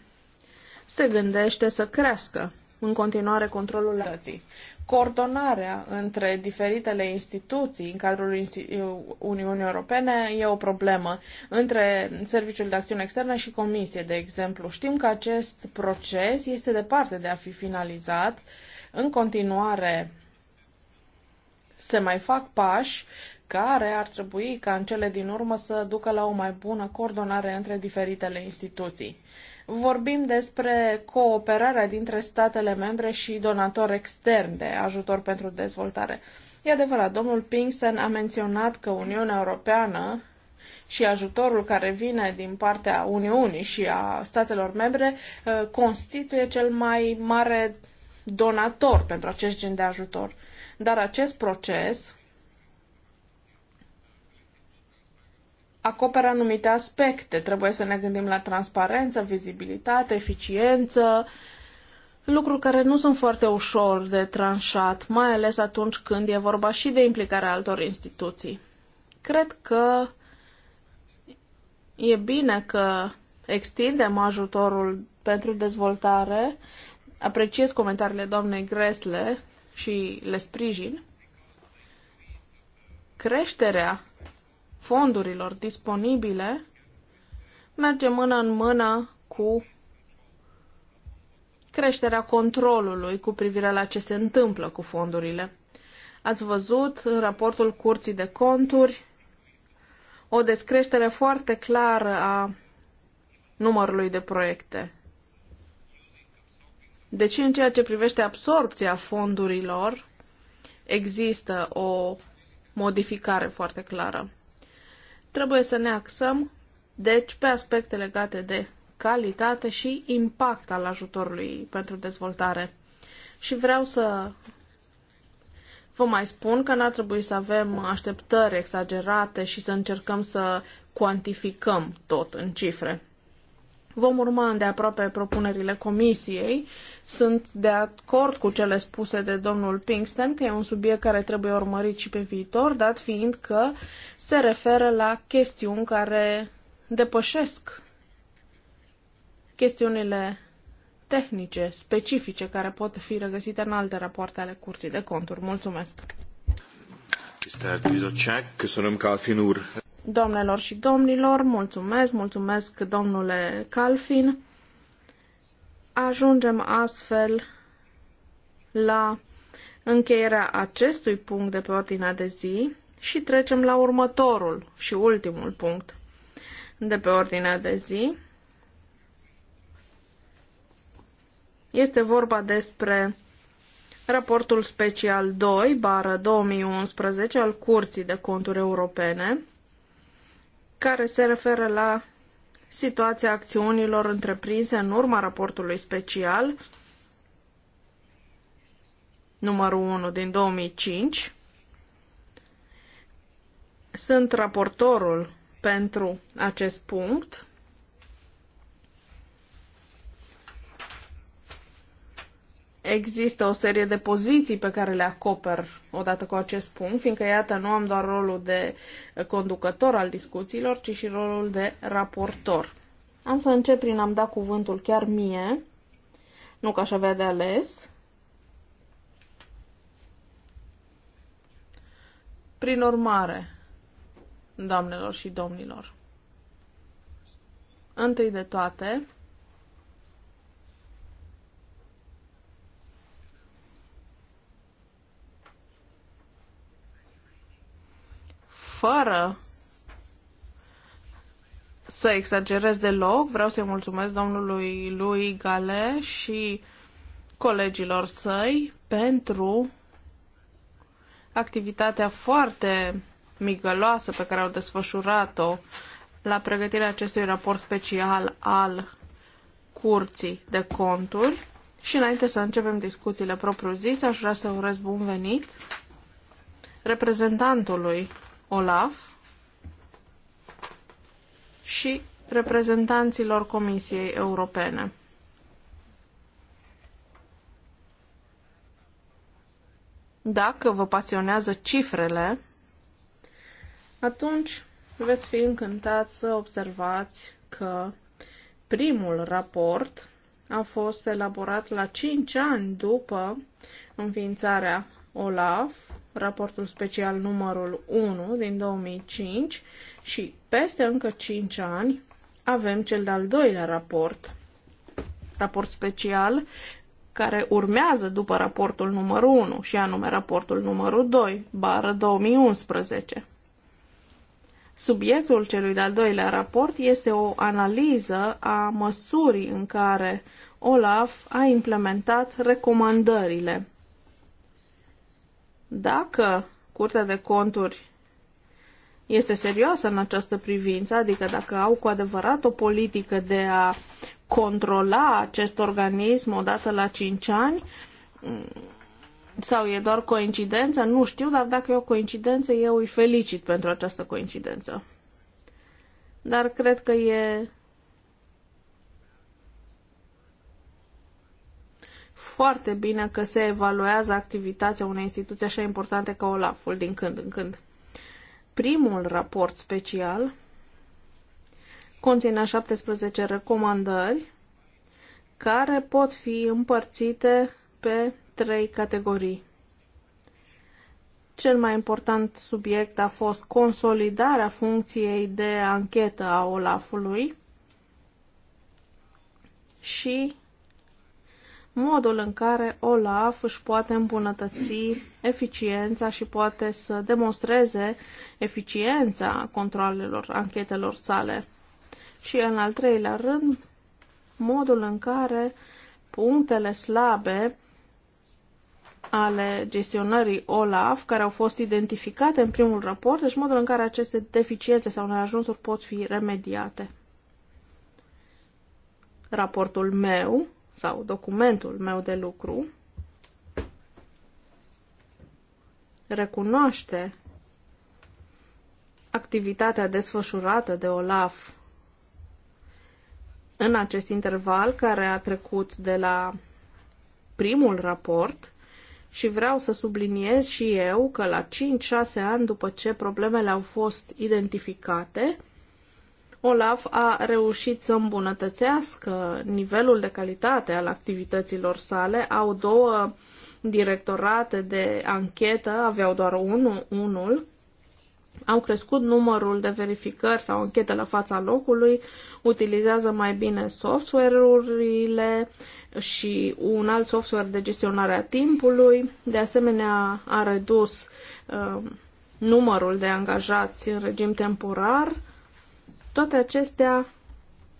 se gândește să crească în continuare controlul lății coordonarea între diferitele instituții în cadrul Uniunii Europene e o problemă. Între Serviciul de Acțiune Externă și Comisie, de exemplu, știm că acest proces este departe de a fi finalizat. În continuare, se mai fac pași care ar trebui ca în cele din urmă să ducă la o mai bună coordonare între diferitele instituții. Vorbim despre cooperarea dintre statele membre și donator extern de ajutor pentru dezvoltare. E adevărat, domnul Pinkston a menționat că Uniunea Europeană și ajutorul care vine din partea Uniunii și a statelor membre uh, constituie cel mai mare donator pentru acest gen de ajutor. Dar acest proces acoperă anumite aspecte. Trebuie să ne gândim la transparență, vizibilitate, eficiență, lucruri care nu sunt foarte ușor de tranșat, mai ales atunci când e vorba și de implicarea altor instituții. Cred că e bine că extindem ajutorul pentru dezvoltare. Apreciez comentariile doamnei Gresle și le sprijin. Creșterea fondurilor disponibile merge mână în mână cu creșterea controlului cu privire la ce se întâmplă cu fondurile. Ați văzut în raportul Curții de Conturi o descreștere foarte clară a numărului de proiecte. Deci, în ceea ce privește absorpția fondurilor, există o modificare foarte clară. Trebuie să ne axăm, deci, pe aspecte legate de calitate și impact al ajutorului pentru dezvoltare. Și vreau să vă mai spun că n-ar trebui să avem așteptări exagerate și să încercăm să cuantificăm tot în cifre. Vom urma îndeaproape propunerile comisiei. Sunt de acord cu cele spuse de domnul Pinkston că e un subiect care trebuie urmărit și pe viitor, dat fiind că se referă la chestiuni care depășesc chestiunile tehnice, specifice, care pot fi regăsite în alte rapoarte ale Curții de Conturi. Mulțumesc! Tisztelt Doamnelor și domnilor, mulțumesc, mulțumesc domnule Calfin. Ajungem astfel la încheierea acestui punct de pe ordinea de zi și trecem la următorul și ultimul punct de pe ordinea de zi. Este vorba despre raportul special 2, bară 2011, al Curții de Conturi Europene, care se referă la situația acțiunilor întreprinse în urma raportului special numărul 1 din 2005. Sunt raportorul pentru acest punct există o serie de poziții pe care le acoper odată cu acest punct, fiindcă, iată, nu am doar rolul de conducător al discuțiilor, ci și rolul de raportor. Am să încep prin am da cuvântul chiar mie, nu că aș avea de ales. Prin urmare, doamnelor și domnilor, întâi de toate, fără să exagerez deloc, vreau să-i mulțumesc domnului lui Gale și colegilor săi pentru activitatea foarte migăloasă pe care au desfășurat-o la pregătirea acestui raport special al Curții de Conturi. Și înainte să începem discuțiile propriu-zise, aș vrea să urez bun venit reprezentantului OLAF și reprezentanților Comisiei Europene. Dacă vă pasionează cifrele, atunci veți fi încântați să observați că primul raport a fost elaborat la 5 ani după înființarea OLAF raportul special numărul 1 din 2005 și peste încă 5 ani avem cel de-al doilea raport, raport special care urmează după raportul numărul 1 și anume raportul numărul 2, bară 2011. Subiectul celui de-al doilea raport este o analiză a măsurii în care Olaf a implementat recomandările dacă Curtea de Conturi este serioasă în această privință, adică dacă au cu adevărat o politică de a controla acest organism odată la 5 ani, sau e doar coincidență, nu știu, dar dacă e o coincidență, eu îi felicit pentru această coincidență. Dar cred că e foarte bine că se evaluează activitatea unei instituții așa importante ca OLAF-ul din când în când. Primul raport special conține 17 recomandări care pot fi împărțite pe trei categorii. Cel mai important subiect a fost consolidarea funcției de anchetă a Olafului și modul în care OLAF își poate îmbunătăți eficiența și poate să demonstreze eficiența controlelor, anchetelor sale. Și în al treilea rând, modul în care punctele slabe ale gestionării OLAF, care au fost identificate în primul raport, deci modul în care aceste deficiențe sau neajunsuri pot fi remediate. Raportul meu sau documentul meu de lucru recunoaște activitatea desfășurată de OLAF în acest interval care a trecut de la primul raport și vreau să subliniez și eu că la 5-6 ani după ce problemele au fost identificate, Olaf a reușit să îmbunătățească nivelul de calitate al activităților sale. Au două directorate de anchetă, aveau doar unul, unul au crescut numărul de verificări sau închete la fața locului, utilizează mai bine software-urile și un alt software de gestionare a timpului. De asemenea, a redus uh, numărul de angajați în regim temporar toate acestea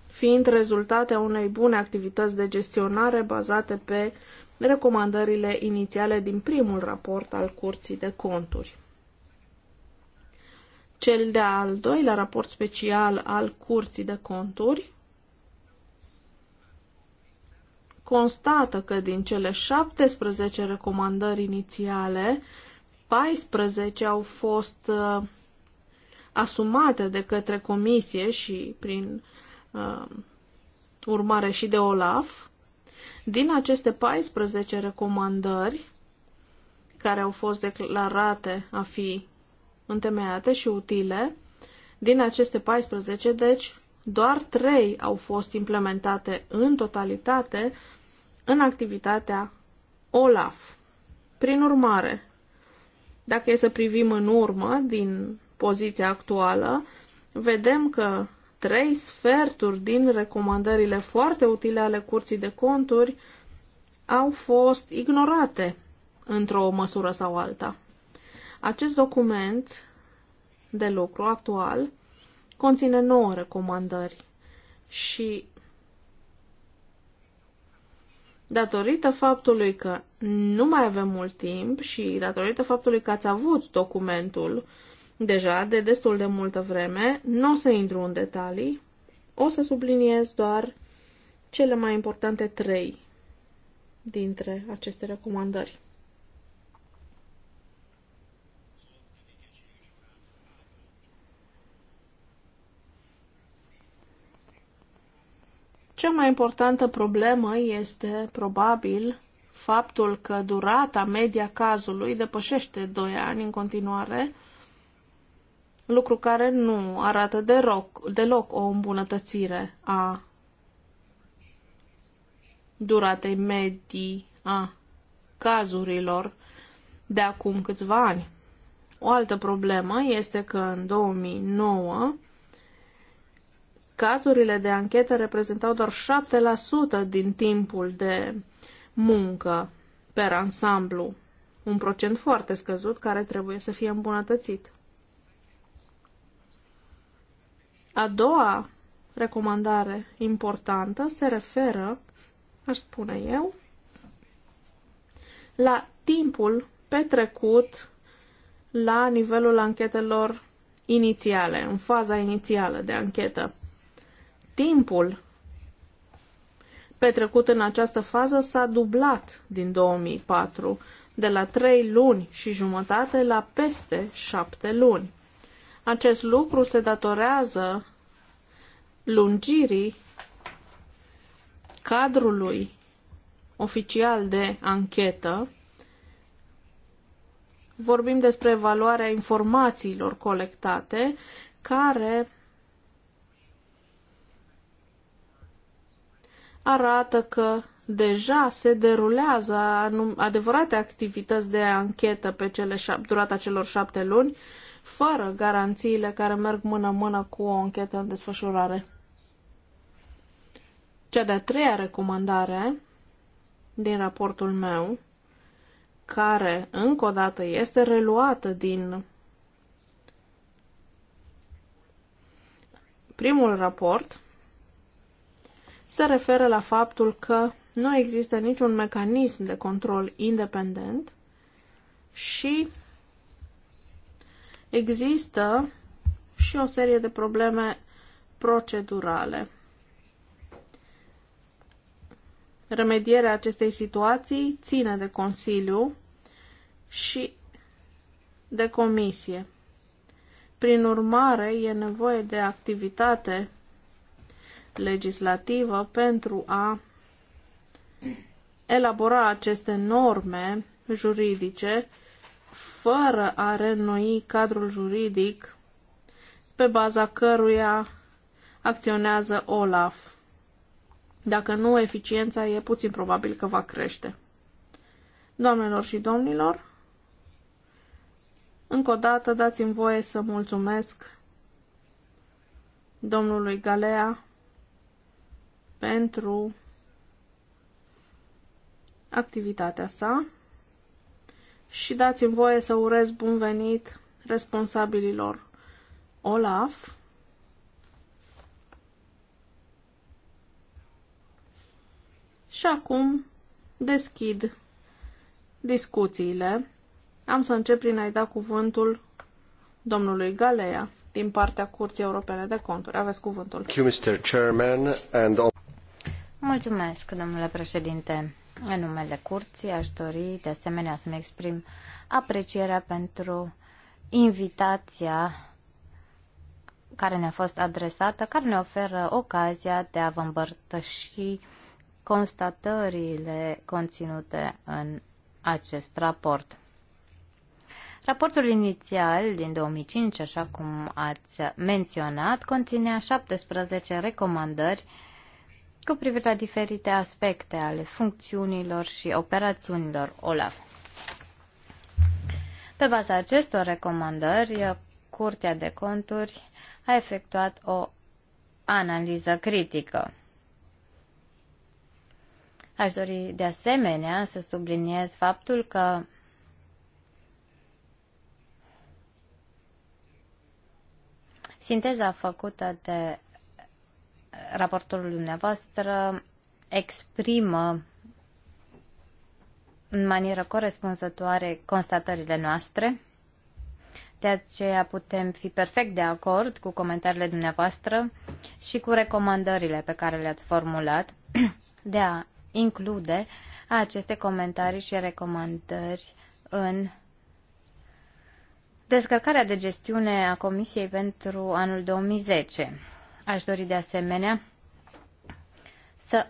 fiind rezultatea unei bune activități de gestionare bazate pe recomandările inițiale din primul raport al Curții de Conturi. Cel de-al doilea raport special al Curții de Conturi constată că din cele 17 recomandări inițiale, 14 au fost uh, asumate de către comisie și prin uh, urmare și de OLAF, din aceste 14 recomandări care au fost declarate a fi întemeiate și utile, din aceste 14, deci, doar 3 au fost implementate în totalitate în activitatea OLAF. Prin urmare, dacă e să privim în urmă, din poziția actuală, vedem că trei sferturi din recomandările foarte utile ale Curții de Conturi au fost ignorate într-o măsură sau alta. Acest document de lucru actual conține nouă recomandări și datorită faptului că nu mai avem mult timp și datorită faptului că ați avut documentul deja de destul de multă vreme, nu o să intru în detalii, o să subliniez doar cele mai importante trei dintre aceste recomandări. Cea mai importantă problemă este probabil faptul că durata media cazului depășește 2 ani în continuare, lucru care nu arată deloc, deloc o îmbunătățire a duratei medii a cazurilor de acum câțiva ani. O altă problemă este că în 2009 cazurile de anchetă reprezentau doar 7% din timpul de muncă per ansamblu, un procent foarte scăzut care trebuie să fie îmbunătățit. A doua recomandare importantă se referă, aș spune eu, la timpul petrecut la nivelul anchetelor inițiale, în faza inițială de anchetă. Timpul petrecut în această fază s-a dublat din 2004, de la 3 luni și jumătate la peste 7 luni. Acest lucru se datorează lungirii cadrului oficial de anchetă. Vorbim despre evaluarea informațiilor colectate care arată că deja se derulează adevărate activități de anchetă pe cele șap- durata celor șapte luni fără garanțiile care merg mână-mână cu o închetă în desfășurare. Cea de-a treia recomandare din raportul meu, care încă o dată este reluată din primul raport, se referă la faptul că nu există niciun mecanism de control independent și Există și o serie de probleme procedurale. Remedierea acestei situații ține de Consiliu și de Comisie. Prin urmare, e nevoie de activitate legislativă pentru a elabora aceste norme juridice fără a reînnoi cadrul juridic pe baza căruia acționează OLAF. Dacă nu, eficiența e puțin probabil că va crește. Doamnelor și domnilor, încă o dată dați-mi voie să mulțumesc domnului Galea pentru activitatea sa și dați-mi voie să urez bun venit responsabililor Olaf, Și acum deschid discuțiile. Am să încep prin a-i da cuvântul domnului Galea din partea Curții Europene de Conturi. Aveți cuvântul. Mulțumesc, domnule președinte. În numele curții aș dori de asemenea să-mi exprim aprecierea pentru invitația care ne-a fost adresată, care ne oferă ocazia de a vă îmbărtăși constatările conținute în acest raport. Raportul inițial din 2005, așa cum ați menționat, conținea 17 recomandări uh, cu privire la diferite aspecte ale funcțiunilor și operațiunilor OLAF. Pe baza acestor recomandări, Curtea de Conturi a efectuat o analiză critică. Aș dori de asemenea să subliniez faptul că sinteza făcută de raportul dumneavoastră exprimă în manieră corespunzătoare constatările noastre. De aceea putem fi perfect de acord cu comentariile dumneavoastră și cu recomandările pe care le-ați formulat de a include aceste comentarii și recomandări în descărcarea de gestiune a Comisiei pentru anul 2010. Aș dori de asemenea să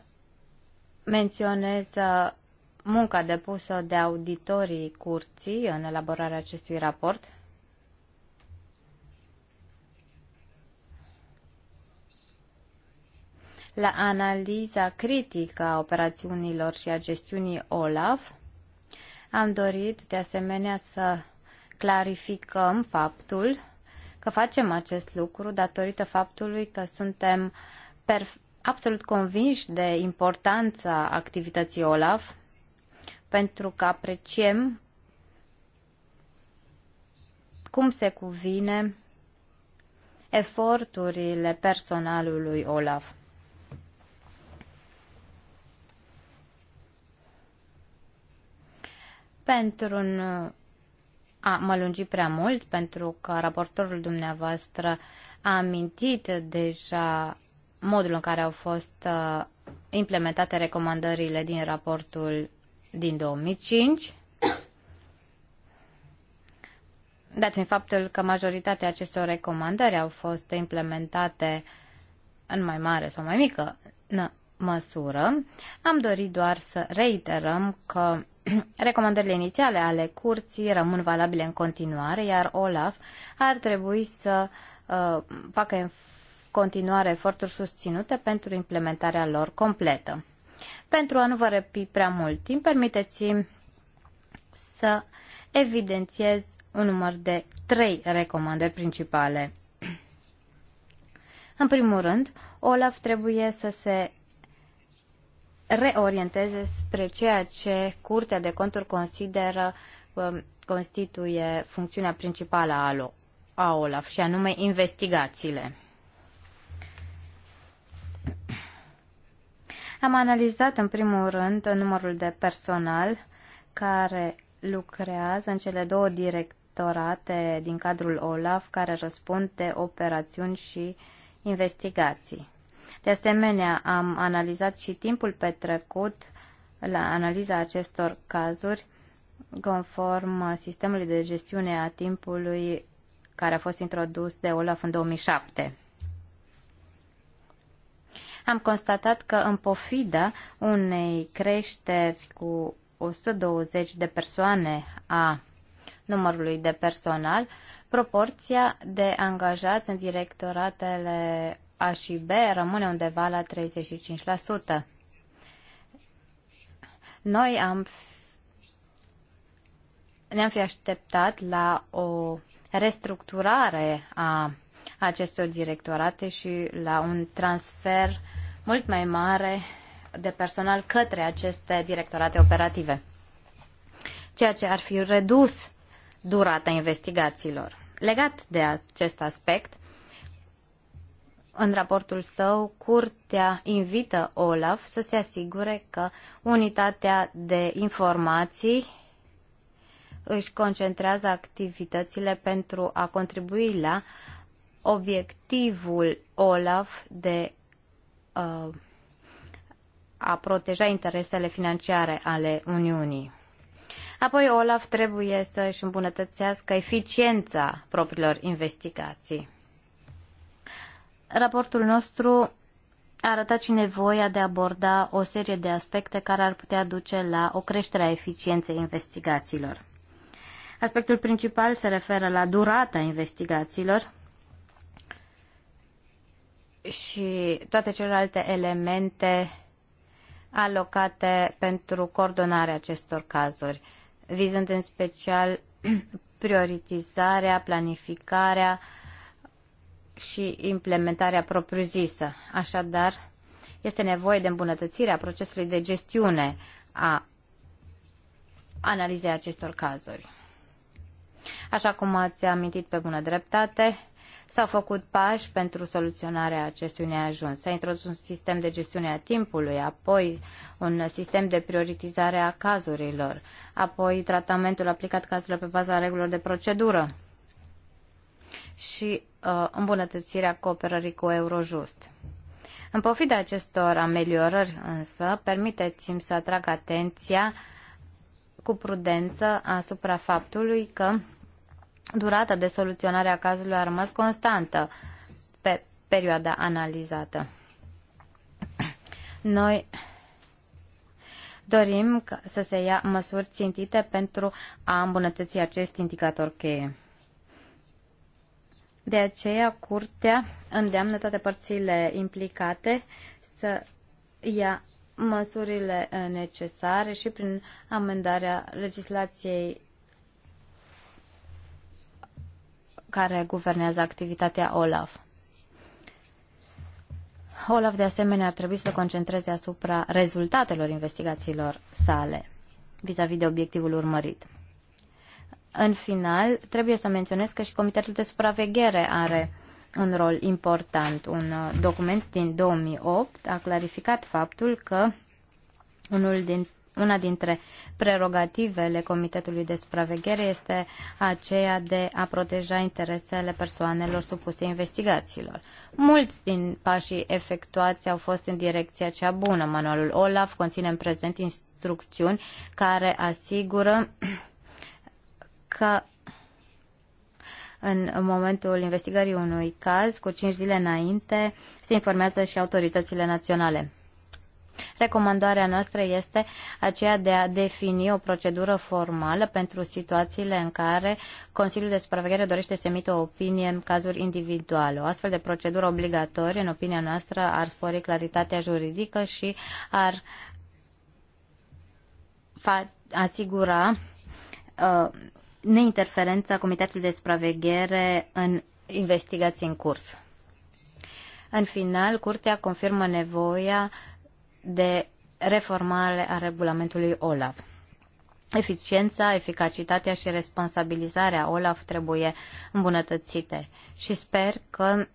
menționez uh, munca depusă de auditorii curții în elaborarea acestui raport. La analiza critică a operațiunilor și a gestiunii OLAF, am dorit de asemenea să clarificăm faptul că facem acest lucru datorită faptului că suntem absolut convinși de importanța activității OLAF pentru că apreciem cum se cuvine eforturile personalului OLAF. Pentru un a mă lungi prea mult pentru că raportorul dumneavoastră a amintit deja modul în care au fost uh, implementate recomandările din raportul din 2005. Dat fiind faptul că majoritatea acestor recomandări au fost implementate în mai mare sau mai mică măsură, am dorit doar să reiterăm că Recomandările inițiale ale curții rămân valabile în continuare, iar OLAF ar trebui să uh, facă în continuare eforturi susținute pentru implementarea lor completă. Pentru a nu vă răpi prea mult timp, permiteți-mi să evidențiez un număr de trei recomandări principale. În primul rând, Olaf trebuie să se reorienteze spre ceea ce Curtea de Conturi consideră um, constituie funcțiunea principală a OLAF, și anume investigațiile. Am analizat în primul rând numărul de personal care lucrează în cele două directorate din cadrul OLAF care răspund de operațiuni și investigații. De asemenea, am analizat și timpul petrecut la analiza acestor cazuri conform sistemului de gestiune a timpului care a fost introdus de Olaf în 2007. Am constatat că în pofida unei creșteri cu 120 de persoane a numărului de personal, proporția de angajați în directoratele a și B rămâne undeva la 35%. Noi am ne-am fi așteptat la o restructurare a acestor directorate și la un transfer mult mai mare de personal către aceste directorate operative, ceea ce ar fi redus durata investigațiilor. Legat de acest aspect, în raportul său, Curtea invită Olaf să se asigure că unitatea de informații își concentrează activitățile pentru a contribui la obiectivul Olaf de uh, a proteja interesele financiare ale Uniunii. Apoi Olaf trebuie să își îmbunătățească eficiența propriilor investigații raportul nostru a arătat și nevoia de a aborda o serie de aspecte care ar putea duce la o creștere a eficienței investigațiilor. Aspectul principal se referă la durata investigațiilor și toate celelalte elemente alocate pentru coordonarea acestor cazuri, vizând în special prioritizarea, planificarea, uh, și implementarea propriu-zisă. Așadar, este nevoie de îmbunătățirea procesului de gestiune a analizei acestor cazuri. Așa cum ați amintit pe bună dreptate, s-au făcut pași pentru soluționarea acestui neajuns. S-a introdus un sistem de gestiune a timpului, apoi un sistem de prioritizare a cazurilor, apoi tratamentul aplicat cazurilor pe baza regulilor de procedură. Și Uh, îmbunătățirea cooperării cu Eurojust. În pofida acestor ameliorări însă, permiteți-mi să atrag atenția cu prudență asupra faptului că durata de soluționare a cazului a rămas constantă pe perioada analizată. Noi dorim să se ia măsuri țintite pentru a îmbunătăți acest indicator cheie. De aceea, Curtea îndeamnă toate părțile implicate să ia măsurile uh, necesare și prin amendarea legislației care guvernează activitatea OLAF. Olaf, de asemenea, ar trebui să se concentreze asupra rezultatelor investigațiilor sale vis-a-vis -vis de obiectivul urmărit. În final, trebuie să menționez că și Comitetul de Supraveghere are un rol important. Un uh, document din 2008 a clarificat faptul că unul din, una dintre prerogativele Comitetului de Supraveghere este aceea de a proteja interesele persoanelor supuse investigațiilor. Mulți din pașii efectuați au fost în direcția cea bună. Manualul OLAF conține în prezent instrucțiuni care asigură că în momentul investigării unui caz, cu 5 zile înainte, se informează și autoritățile naționale. Recomandarea noastră este aceea de a defini o procedură formală pentru situațiile în care Consiliul de Supraveghere dorește să emită o opinie în cazuri individuale. O astfel de procedură obligatorie, în opinia noastră, ar spori claritatea juridică și ar asigura uh, neinterferența Comitetului de Supraveghere în investigații în curs. În final, Curtea confirmă nevoia de reformare a regulamentului OLAF. Eficiența, eficacitatea și responsabilizarea OLAF trebuie îmbunătățite și sper că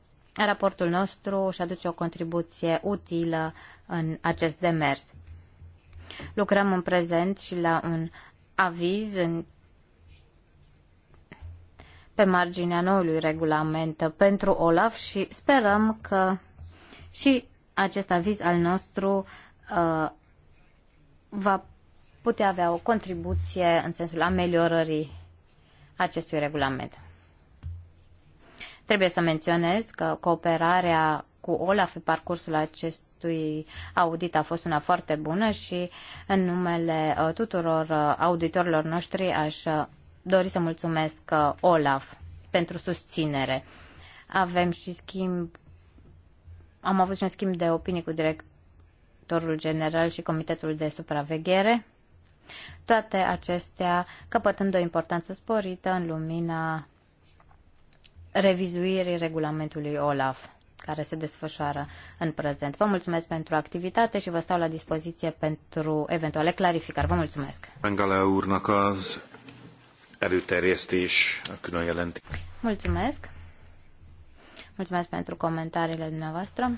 raportul nostru își aduce o contribuție utilă în acest demers. Lucrăm în prezent și la un aviz în pe marginea noului regulament pentru OLAF și sperăm că și acest aviz al nostru uh, va putea avea o contribuție în sensul ameliorării acestui regulament. Trebuie să menționez că cooperarea cu OLAF pe parcursul acestui audit a fost una foarte bună și în numele uh, tuturor uh, auditorilor noștri aș uh, dori să mulțumesc uh, Olaf pentru susținere. Avem și schimb, am avut și un schimb de opinii cu directorul general și comitetul de supraveghere. Toate acestea căpătând o importanță sporită în lumina revizuirii regulamentului OLAF care se desfășoară în prezent. Vă mulțumesc pentru activitate și vă stau la dispoziție pentru eventuale clarificări. Vă mulțumesc! Bengala úrnak az előterjesztés a külön jelentés. Mulțumesc! Mulțumesc pentru comentariile dumneavoastră.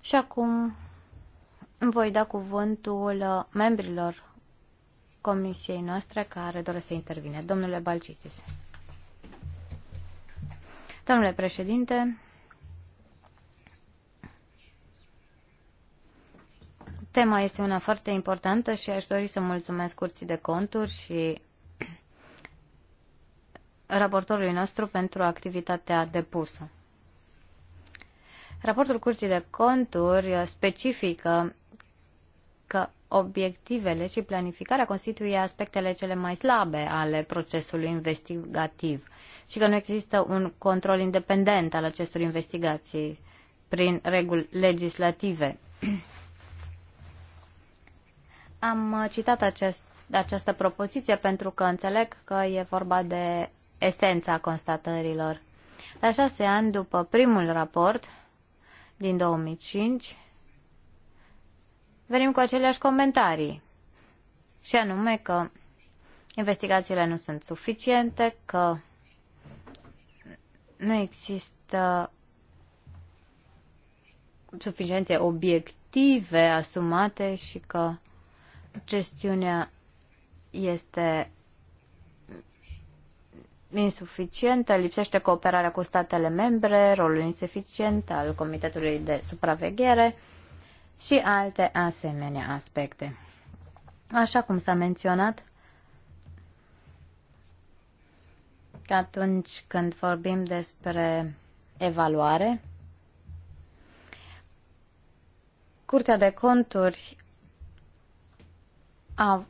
Și acum voi da cuvântul membrilor comisiei noastre care doresc să intervine. Domnule Balcitis. Domnule președinte, Tema este una foarte importantă și aș dori să mulțumesc Curții de Conturi și raportorului nostru pentru activitatea depusă. Raportul Curții de Conturi specifică că obiectivele și planificarea constituie aspectele cele mai slabe ale procesului investigativ și că nu există un control independent al acestor investigații prin reguli legislative. Am uh, citat acest, această propoziție pentru că înțeleg că e vorba de esența constatărilor. La șase ani după primul raport, din 2005, venim cu aceleași comentarii. Și anume că investigațiile nu sunt suficiente, că nu există suficiente obiective asumate și că gestiunea este insuficientă, lipsește cooperarea cu statele membre, rolul insuficient al Comitetului de Supraveghere și alte asemenea aspecte. Așa cum s-a menționat, că atunci când vorbim despre evaluare, Curtea de Conturi a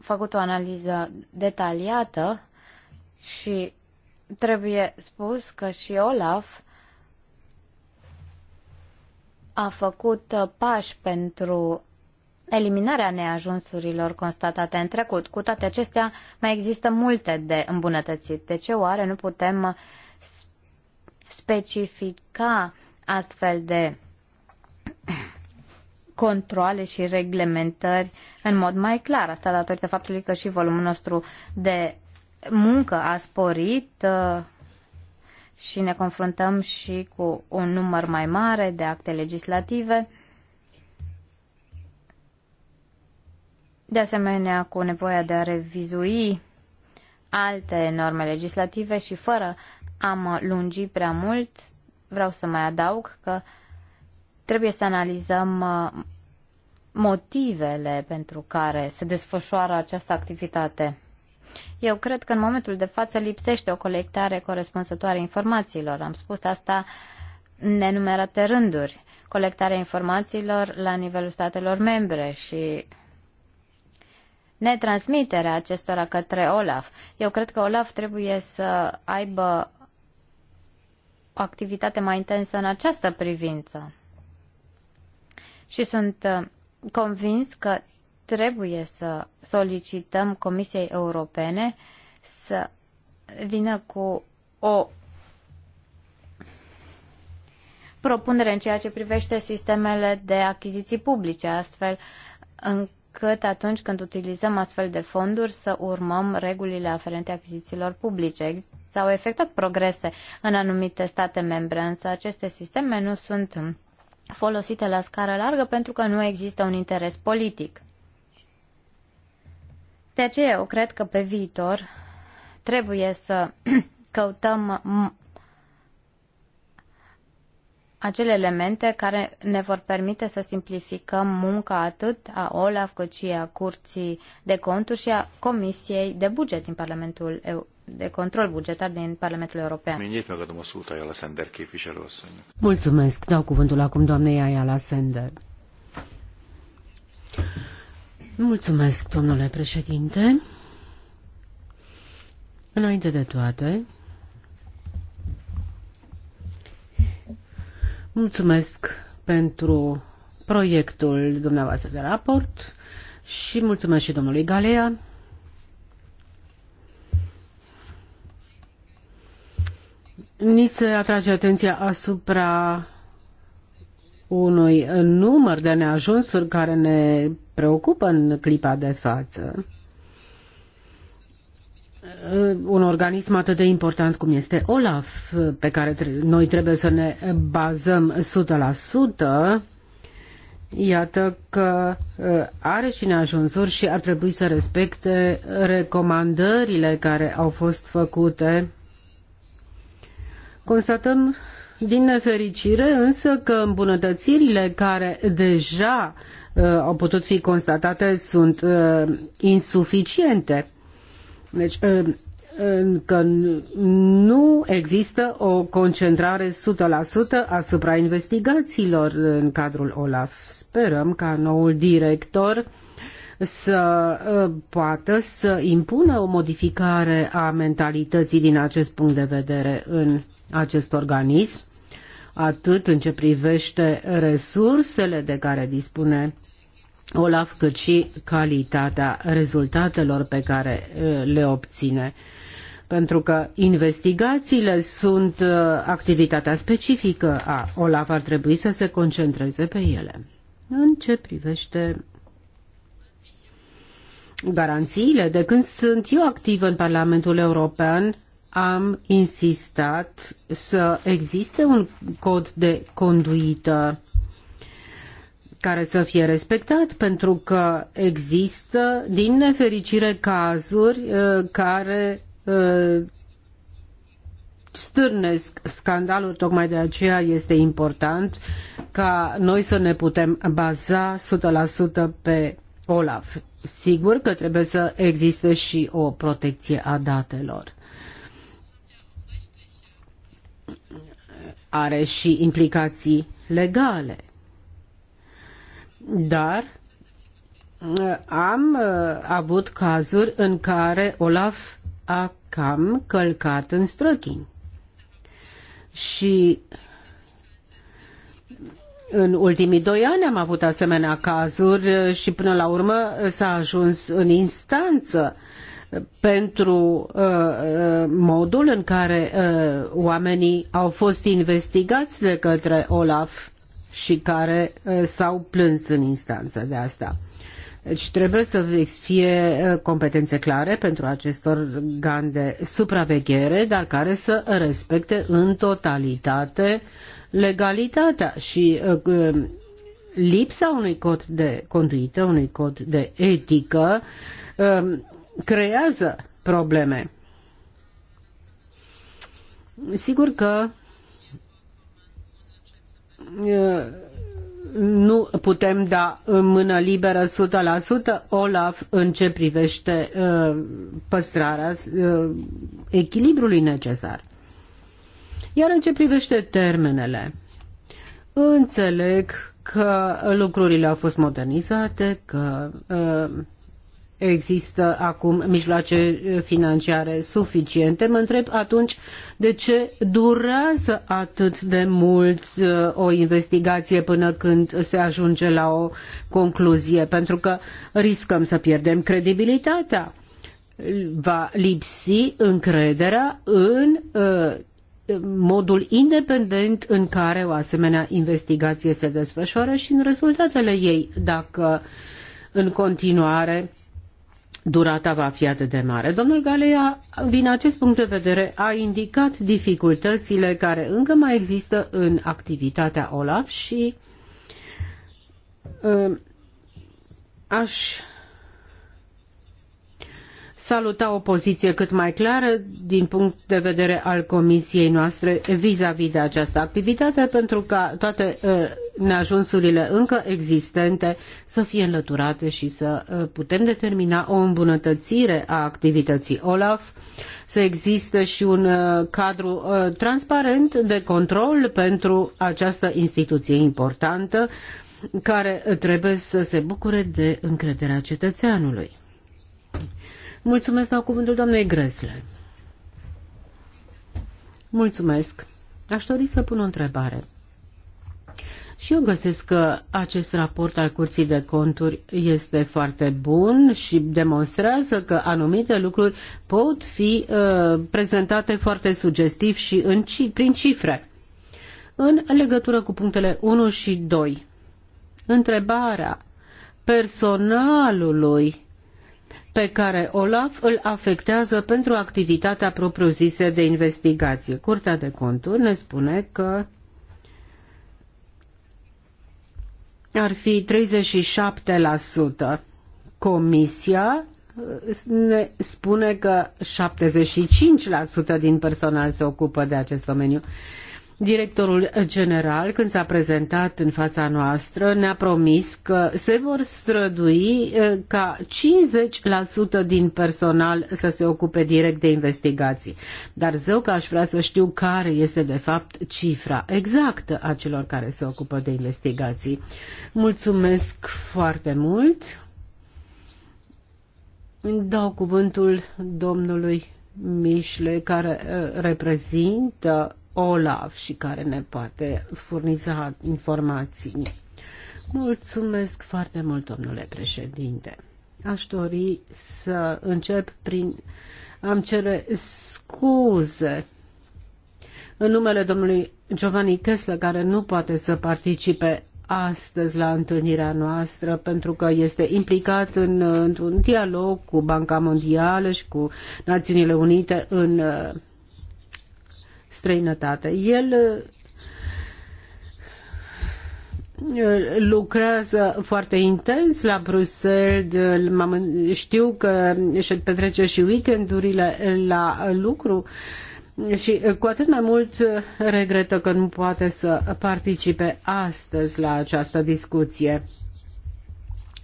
făcut o analiză detaliată și trebuie spus că și Olaf a făcut uh, pași pentru eliminarea neajunsurilor constatate în trecut. Cu toate acestea, mai există multe de îmbunătățit. De ce oare nu putem uh, specifica astfel de controle și reglementări în mod mai clar. Asta datorită faptului că și volumul nostru de muncă a sporit uh, și ne confruntăm și cu un număr mai mare de acte legislative. De asemenea, cu nevoia de a revizui alte norme legislative și fără a mă lungi prea mult, vreau să mai adaug că uh, Trebuie să analizăm uh, motivele pentru care se desfășoară această activitate. Eu cred că în momentul de față lipsește o colectare corespunzătoare informațiilor. Am spus asta nenumerate rânduri. Colectarea informațiilor la nivelul statelor membre și netransmiterea acestora către Olaf. Eu cred că Olaf trebuie să aibă o activitate mai intensă în această privință și sunt uh, convins că trebuie să solicităm Comisiei Europene să vină cu o propunere în ceea ce privește sistemele de achiziții publice, astfel încât atunci când utilizăm astfel de fonduri să urmăm regulile aferente achizițiilor publice. S-au efectuat progrese în anumite state membre, însă aceste sisteme nu sunt folosite la scară largă pentru că nu există un interes politic. De aceea eu cred că pe viitor trebuie să căutăm acele elemente care ne vor permite să simplificăm munca atât a OLAF cât și a Curții de Conturi și a Comisiei de Buget din Parlamentul de control bugetar din Parlamentul European. Mulțumesc. Dau cuvântul acum doamnei Ayala Sender. Mulțumesc, domnule președinte. Înainte de toate, mulțumesc pentru proiectul dumneavoastră de raport și mulțumesc și domnului Galea Ni se atrage atenția asupra unui număr de neajunsuri care ne preocupă în clipa de față. Uh, un organism atât de important cum este OLAF, pe care noi trebuie să ne bazăm 100%, iată că uh, are și neajunsuri și ar trebui să respecte recomandările care au fost făcute Constatăm din nefericire însă că îmbunătățirile care deja uh, au putut fi constatate sunt uh, insuficiente. Deci uh, că nu există o concentrare 100% asupra investigațiilor în cadrul OLAF. Sperăm ca noul director să uh, poată să impună o modificare a mentalității din acest punct de vedere în acest organism, atât în ce privește resursele de care dispune Olaf, cât și calitatea rezultatelor pe care le obține. Pentru că investigațiile sunt activitatea specifică a Olaf, ar trebui să se concentreze pe ele. În ce privește garanțiile, de când sunt eu activ în Parlamentul European, am insistat să existe un cod de conduită care să fie respectat, pentru că există, din nefericire, cazuri uh, care uh, stârnesc scandalul, tocmai de aceea este important ca noi să ne putem baza 100% pe Olaf. Sigur că trebuie să existe și o protecție a datelor are și implicații legale. Dar uh, am uh, avut cazuri în care Olaf a cam călcat în străchini. Și în ultimii doi ani am avut asemenea cazuri și până la urmă s-a ajuns în instanță pentru uh, uh, modul în care uh, oamenii au fost investigați de către Olaf și care s-au plâns în instanță de asta. Deci trebuie să fie competențe clare pentru acest organ de supraveghere, dar care să respecte în totalitate legalitatea și lipsa unui cod de conduită, unui cod de etică, um, creează probleme. Sigur că nu putem da în mână liberă 100% Olaf în ce privește păstrarea echilibrului necesar. Iar în ce privește termenele, înțeleg că lucrurile au fost modernizate, că uh, există acum mijloace eh, financiare suficiente. Mă întreb atunci de ce durează atât de mult eh, o investigație până când se ajunge la o concluzie, pentru că riscăm să pierdem credibilitatea. Va lipsi încrederea în eh, modul independent în care o asemenea investigație se desfășoară și în rezultatele ei, dacă în continuare durata va fi atât de mare. Domnul Galea, din acest punct de vedere, a indicat dificultățile care încă mai există în activitatea OLAF și uh, aș saluta o poziție cât mai clară din punct de vedere al comisiei noastre vis-a-vis -vis de această activitate pentru ca toate uh, neajunsurile încă existente să fie înlăturate și să uh, putem determina o îmbunătățire a activității OLAF, să existe și un uh, cadru uh, transparent de control pentru această instituție importantă care trebuie să se bucure de încrederea cetățeanului. Mulțumesc la cuvântul doamnei Gresle. Mulțumesc. Aș dori să pun o întrebare. Și eu găsesc că acest raport al Curții de Conturi este foarte bun și demonstrează că anumite lucruri pot fi uh, prezentate foarte sugestiv și în, prin cifre. În legătură cu punctele 1 și 2, întrebarea personalului pe care Olaf îl afectează pentru activitatea propriu zise de investigație. Curtea de conturi ne spune că ar fi 37%. Comisia uh, ne spune că 75% din personal se ocupă de acest domeniu. Directorul general, când s-a prezentat în fața noastră, ne-a promis că se vor strădui eh, ca 50% din personal să se ocupe direct de investigații. Dar zău că aș vrea să știu care este de fapt cifra exactă a celor care se ocupă de investigații. Mulțumesc foarte mult. Dau cuvântul domnului Mișle, care eh, reprezintă OLAF și care ne poate furniza informații. Mulțumesc foarte mult, domnule președinte. Aș dori să încep prin am cere scuze în numele domnului Giovanni Kessler, care nu poate să participe astăzi la întâlnirea noastră pentru că este implicat în, într-un dialog cu Banca Mondială și cu Națiunile Unite în străinătate. El uh, lucrează foarte intens la Bruxelles, uh, știu că își petrece și weekendurile la lucru și uh, cu atât mai mult regretă că nu poate să participe astăzi la această discuție.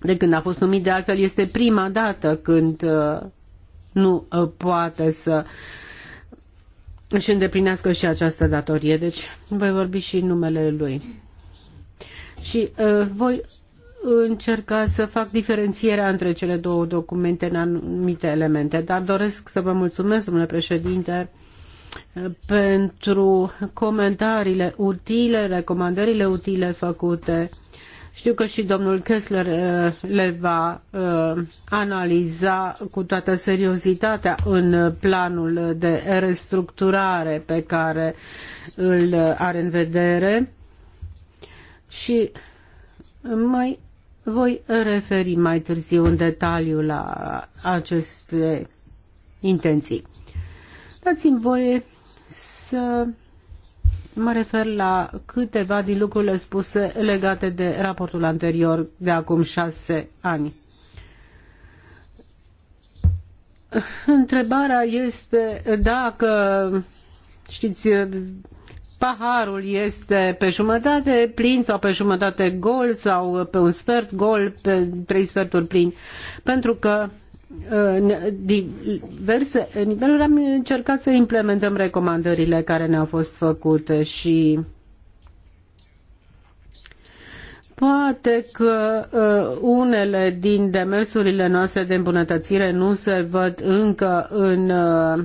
De când a fost numit de altfel, este prima dată când nu poate să uh, își îndeplinească și această datorie. Deci voi vorbi și în numele lui. Și uh, voi încerca să fac diferențierea între cele două documente în anumite elemente, dar doresc să vă mulțumesc, domnule președinte, uh, pentru comentariile utile, recomandările utile făcute știu că și domnul Kessler uh, le va uh, analiza cu toată seriozitatea în planul de restructurare pe care îl are în vedere și mai voi referi mai târziu în detaliu la aceste intenții. Dați-mi voie să Mă refer la câteva din lucrurile spuse legate de raportul anterior de acum șase ani. Întrebarea este dacă, știți, paharul este pe jumătate plin sau pe jumătate gol sau pe un sfert gol, pe trei sferturi plin, pentru că diverse niveluri am încercat să implementăm recomandările care ne-au fost făcute și Poate că uh, unele din demersurile noastre de îmbunătățire nu se văd încă în uh,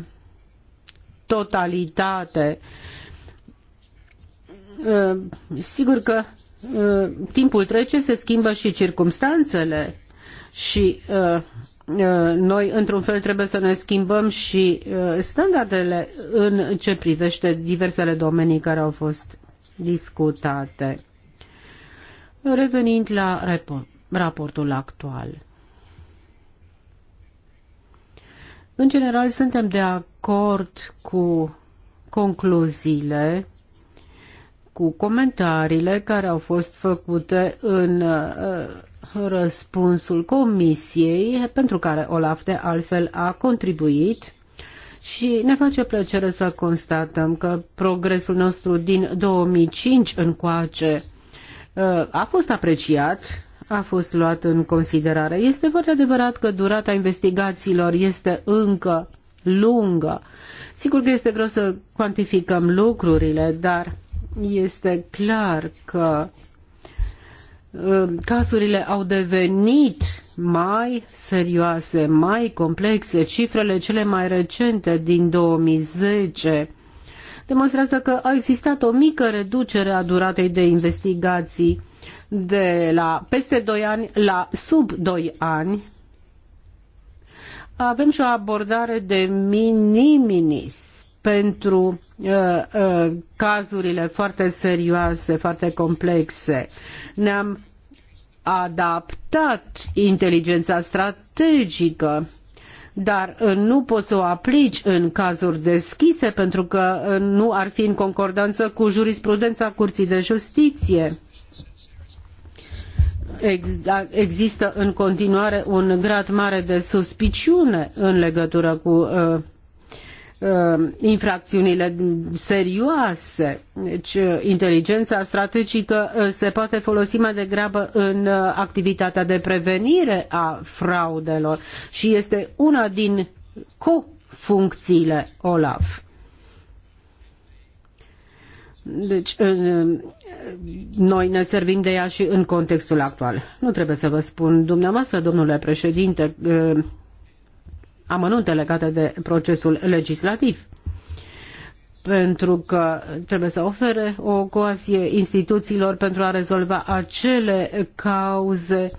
totalitate. Uh, sigur că timpul trece, se schimbă și circumstanțele și Uh, noi într-un fel trebuie să ne schimbăm și uh, standardele în ce privește diversele domenii care au fost discutate. Revenind la raportul actual. În general, suntem de acord cu concluziile, cu comentariile care au fost făcute în uh, răspunsul Comisiei, pentru care Olaf de altfel a contribuit și ne face plăcere să constatăm că progresul nostru din 2005 încoace uh, a fost apreciat, a fost luat în considerare. Este foarte adevărat că durata investigațiilor este încă lungă. Sigur că este greu să cuantificăm lucrurile, dar este clar că Uh, cazurile au devenit mai serioase, mai complexe. Cifrele cele mai recente din 2010 demonstrează că a existat o mică reducere a duratei de investigații de la peste 2 ani la sub 2 ani. Avem și o abordare de mini-minis pentru uh, uh, cazurile foarte serioase, foarte complexe. Ne-am adaptat inteligența strategică dar uh, nu poți să o aplici în cazuri deschise pentru că uh, nu ar fi în concordanță cu jurisprudența Curții de Justiție. Da, există în continuare un grad mare de suspiciune în legătură cu uh, Uh, infracțiunile serioase. Deci, uh, inteligența strategică uh, se poate folosi mai degrabă în activitatea de prevenire a fraudelor și este una din co-funcțiile OLAF. Deci, noi ne servim de ea și în contextul actual. Nu trebuie să vă spun dumneavoastră, domnule președinte, amănunte legate de procesul legislativ pentru că trebuie să ofere o ocazie instituțiilor pentru a rezolva acele cauze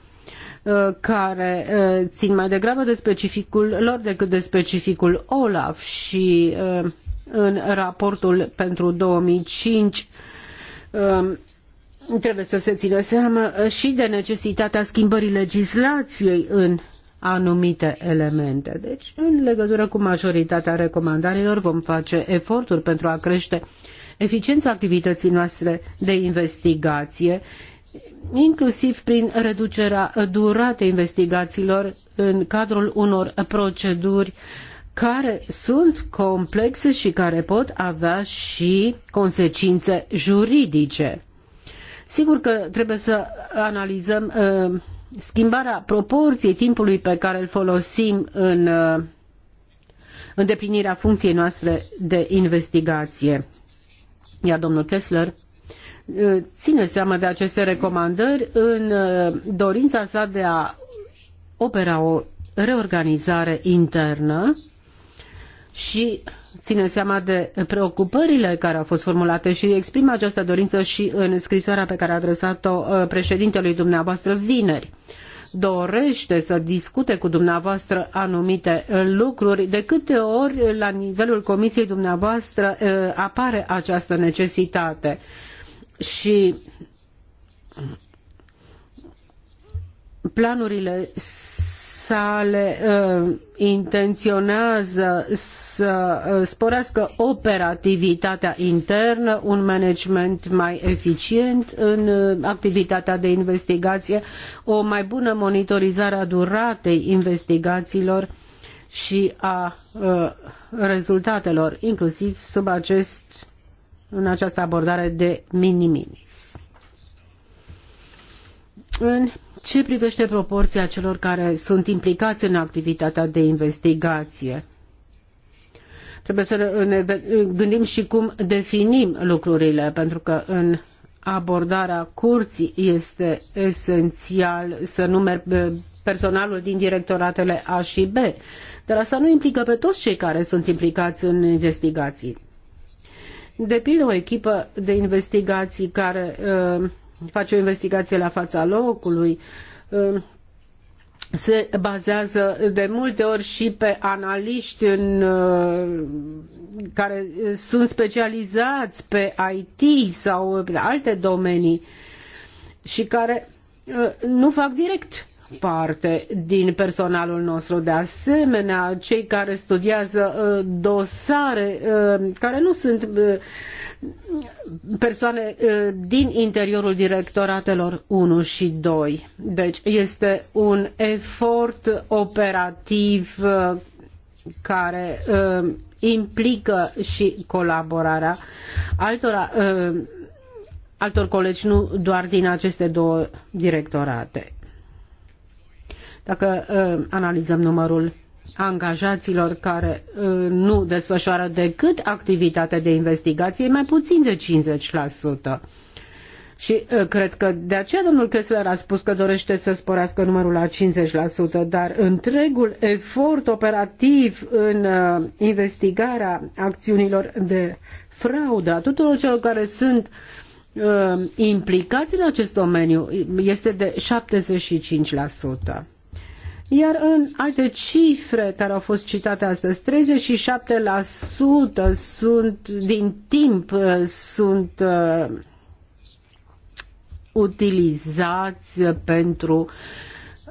uh, care uh, țin mai degrabă de specificul lor decât de specificul OLAF și uh, în raportul pentru 2005 um, trebuie să se țină seama și de necesitatea schimbării legislației în anumite elemente. Deci, în legătură cu majoritatea recomandărilor, vom face eforturi pentru a crește eficiența activității noastre de investigație, inclusiv prin reducerea duratei investigațiilor în cadrul unor proceduri care sunt complexe și care pot avea și consecințe juridice. Sigur că trebuie să analizăm uh, schimbarea proporției timpului pe care îl folosim în uh, îndeplinirea funcției noastre de investigație. Iar domnul Kessler uh, ține seama de aceste recomandări în uh, dorința sa de a opera o reorganizare internă și ține seama de preocupările care au fost formulate și exprimă această dorință și în scrisoarea pe care a adresat-o uh, președintelui dumneavoastră vineri dorește să discute cu dumneavoastră anumite uh, lucruri, de câte ori la nivelul comisiei dumneavoastră uh, apare această necesitate. Și planurile sale uh, intenționează să uh, sporească operativitatea internă, un management mai eficient în uh, activitatea de investigație, o mai bună monitorizare a duratei investigațiilor și a rezultatelor, inclusiv sub acest, în această abordare de minimis. În ce privește proporția celor care sunt implicați în activitatea de investigație? Trebuie să ne gândim și cum definim lucrurile, pentru că în abordarea curții este esențial să numeri personalul din directoratele A și B, dar asta nu implică pe toți cei care sunt implicați în investigații. De pildă, o echipă de investigații care uh, face o investigație la fața locului, se bazează de multe ori și pe analiști în, uh, care sunt specializați pe IT sau pe alte domenii și care uh, nu fac direct parte din personalul nostru. De asemenea, cei care studiază uh, dosare, uh, care nu sunt uh, persoane din interiorul directoratelor 1 și 2. Deci este un efort operativ care implică și colaborarea altora, altor colegi, nu doar din aceste două directorate. Dacă uh, analizăm numărul angajaților care uh, nu desfășoară decât activitate de investigație, mai puțin de 50%. Și uh, cred că de aceea domnul Kessler a spus că dorește să sporească numărul la 50%, dar întregul efort operativ în investigarea acțiunilor de fraudă a tuturor celor care sunt implicați în acest domeniu este de 75%. Iar în alte cifre care au fost citate astăzi, 37% sunt din timp uh, sunt uh, utilizați pentru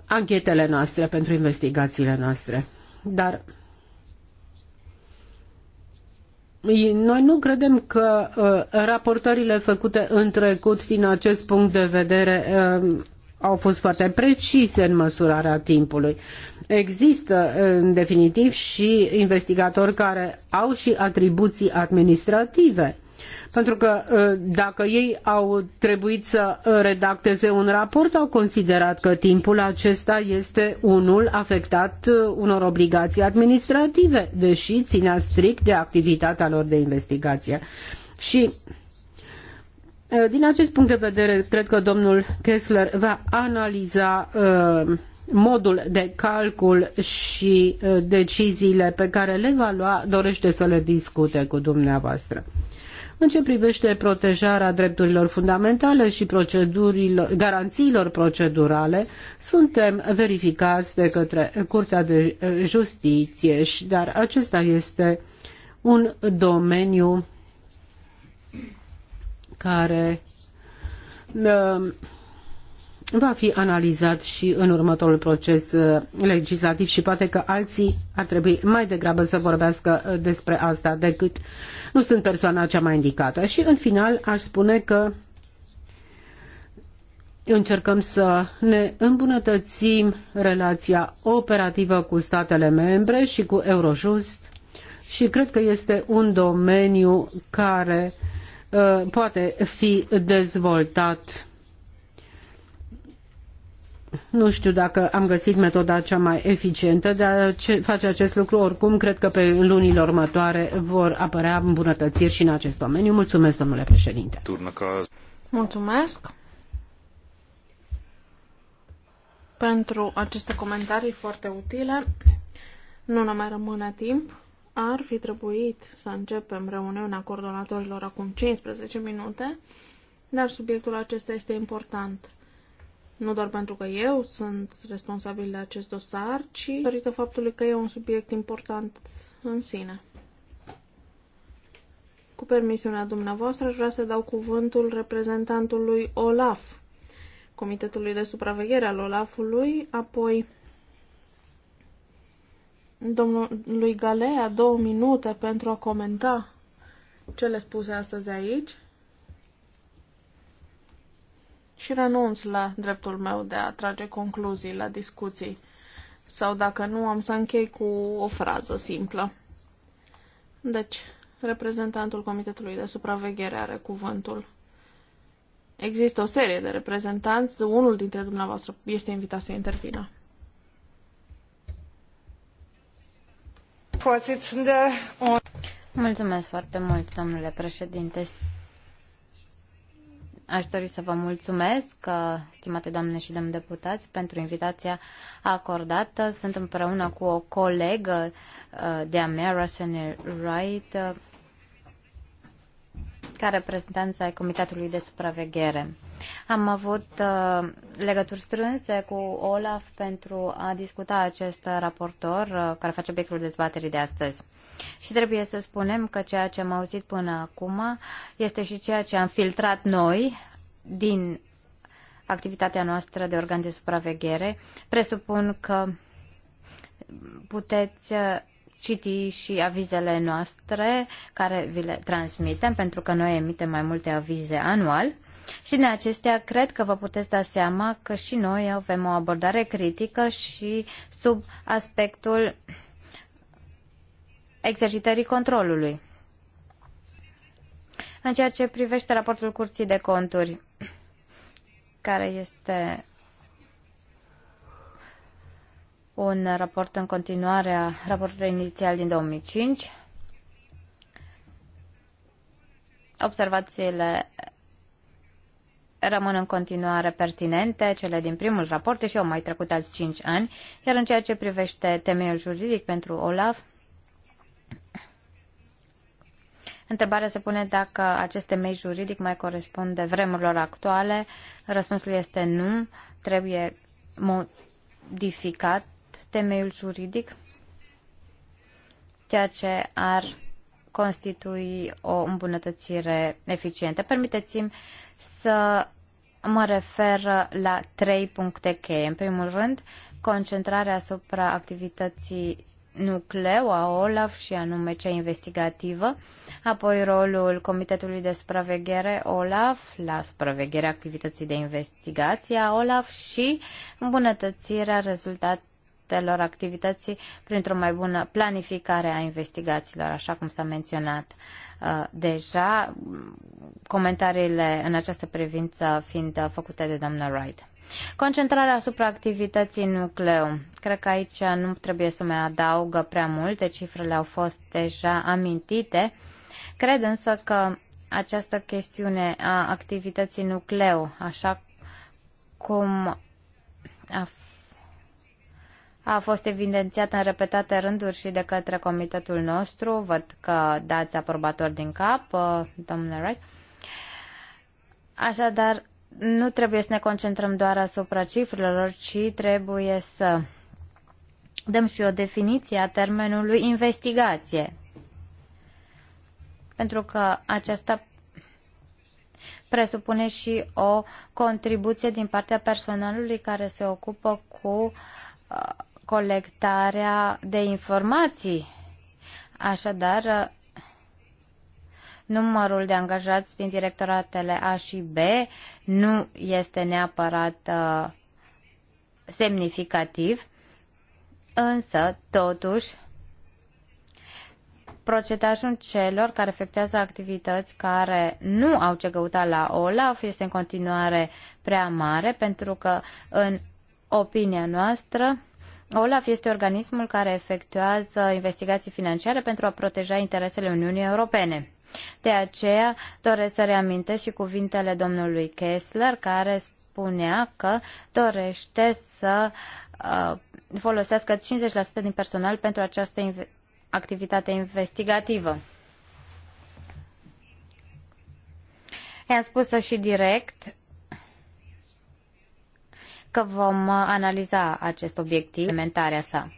anchetele noastre, pentru investigațiile noastre. Dar noi nu credem că uh, raportările făcute în trecut din acest punct de vedere uh, au fost foarte precise în măsurarea timpului. Există, în definitiv, și investigatori care au și atribuții administrative. Pentru că ă, dacă ei au trebuit să redacteze un raport, au considerat că timpul acesta este unul afectat ă, unor obligații administrative, deși ținea strict de activitatea lor de investigație. Și Eh, din acest punct de vedere, cred că domnul Kessler va analiza eh, modul de calcul și eh, deciziile pe care le va lua, dorește să le discute cu dumneavoastră. În ce privește protejarea drepturilor fundamentale și procedurilor, garanțiilor procedurale, suntem verificați de către Curtea de Justiție, dar acesta este un domeniu care uh, va fi analizat și în următorul proces uh, legislativ și poate că alții ar trebui mai degrabă să vorbească uh, despre asta decât nu sunt persoana cea mai indicată. Și în final aș spune că încercăm să ne îmbunătățim relația operativă cu statele membre și cu Eurojust și cred că este un domeniu care uh, Uh, poate fi dezvoltat. Nu știu dacă am găsit metoda cea mai eficientă de a face acest lucru. Oricum, cred că pe lunile următoare vor apărea îmbunătățiri și în acest domeniu. Mulțumesc, domnule președinte. Mulțumesc pentru aceste comentarii foarte utile. Nu ne mai rămâne timp. Ar fi trebuit să începem reuniunea coordonatorilor acum 15 minute, dar subiectul acesta este important. Nu doar pentru că eu sunt responsabil de acest dosar, ci datorită faptului că e un subiect important în sine. Cu permisiunea dumneavoastră, aș vrea să dau cuvântul reprezentantului OLAF, Comitetului de Supraveghere al OLAF-ului, apoi domnului Galea două minute pentru a comenta ce le spuse astăzi aici și renunț la dreptul meu de a trage concluzii la discuții sau dacă nu am să închei cu o frază simplă. Deci, reprezentantul Comitetului de Supraveghere are cuvântul. Există o serie de reprezentanți, unul dintre dumneavoastră este invitat să intervină. Mulțumesc foarte mult, domnule președinte. Aș dori să vă mulțumesc, stimate doamne și domni deputați, pentru invitația acordată. Sunt împreună cu o colegă uh, de-a mea, Russian Wright, ca reprezentanța ai Comitetului de Supraveghere. Am avut uh, legături strânse cu Olaf pentru a discuta acest raportor uh, care face obiectul dezbaterii de astăzi. Și trebuie să spunem că ceea ce am auzit până acum este și ceea ce am filtrat noi din activitatea noastră de organ de supraveghere. Presupun că puteți uh, citi și avizele noastre care vi le transmitem, pentru că noi emitem mai multe avize anual. Și din acestea cred că vă puteți da seama că și noi avem o abordare critică și sub aspectul exercitării controlului. În ceea ce privește raportul Curții de Conturi, care este un raport în continuare a raportului inițial din 2005. Observațiile rămân în continuare pertinente, cele din primul raport, și au mai trecut alți 5 ani, iar în ceea ce privește temeiul juridic pentru OLAF, Întrebarea se pune dacă acest temei juridic mai corespunde vremurilor actuale. Răspunsul este nu. Trebuie modificat temeiul juridic, ceea ce ar constitui o îmbunătățire eficientă. Permiteți-mi să mă refer la trei puncte cheie. În primul rând, concentrarea asupra activității nucleu a OLAF și anume cea investigativă, apoi rolul Comitetului de Supraveghere OLAF la supravegherea activității de investigație a OLAF și îmbunătățirea rezultat rezultatelor activității printr-o mai bună planificare a investigațiilor, așa cum s-a menționat uh, deja, comentariile în această privință fiind uh, făcute de doamna Wright. Concentrarea asupra activității nucleu. Cred că aici nu trebuie să mai adaugă prea multe, cifrele au fost deja amintite. Cred însă că această chestiune a activității nucleu, așa cum a a fost evidențiată în repetate rânduri și de către comitetul nostru. Văd că dați aprobator din cap, uh, domnule Wright. Așadar, nu trebuie să ne concentrăm doar asupra cifrelor, ci trebuie să dăm și o definiție a termenului investigație. Pentru că aceasta presupune și o contribuție din partea personalului care se ocupă cu uh, colectarea de informații. Așadar, numărul de angajați din directoratele A și B nu este neapărat uh, semnificativ, însă, totuși, procetajul celor care efectuează activități care nu au ce căuta la OLAF este în continuare prea mare, pentru că, în opinia noastră, OLAF este organismul care efectuează investigații financiare pentru a proteja interesele Uniunii Europene. De aceea doresc să reamintesc și cuvintele domnului Kessler, care spunea că dorește să uh, folosească 50% din personal pentru această inv activitate investigativă. I-am spus-o și direct că vom uh, analiza acest obiectiv, implementarea sa.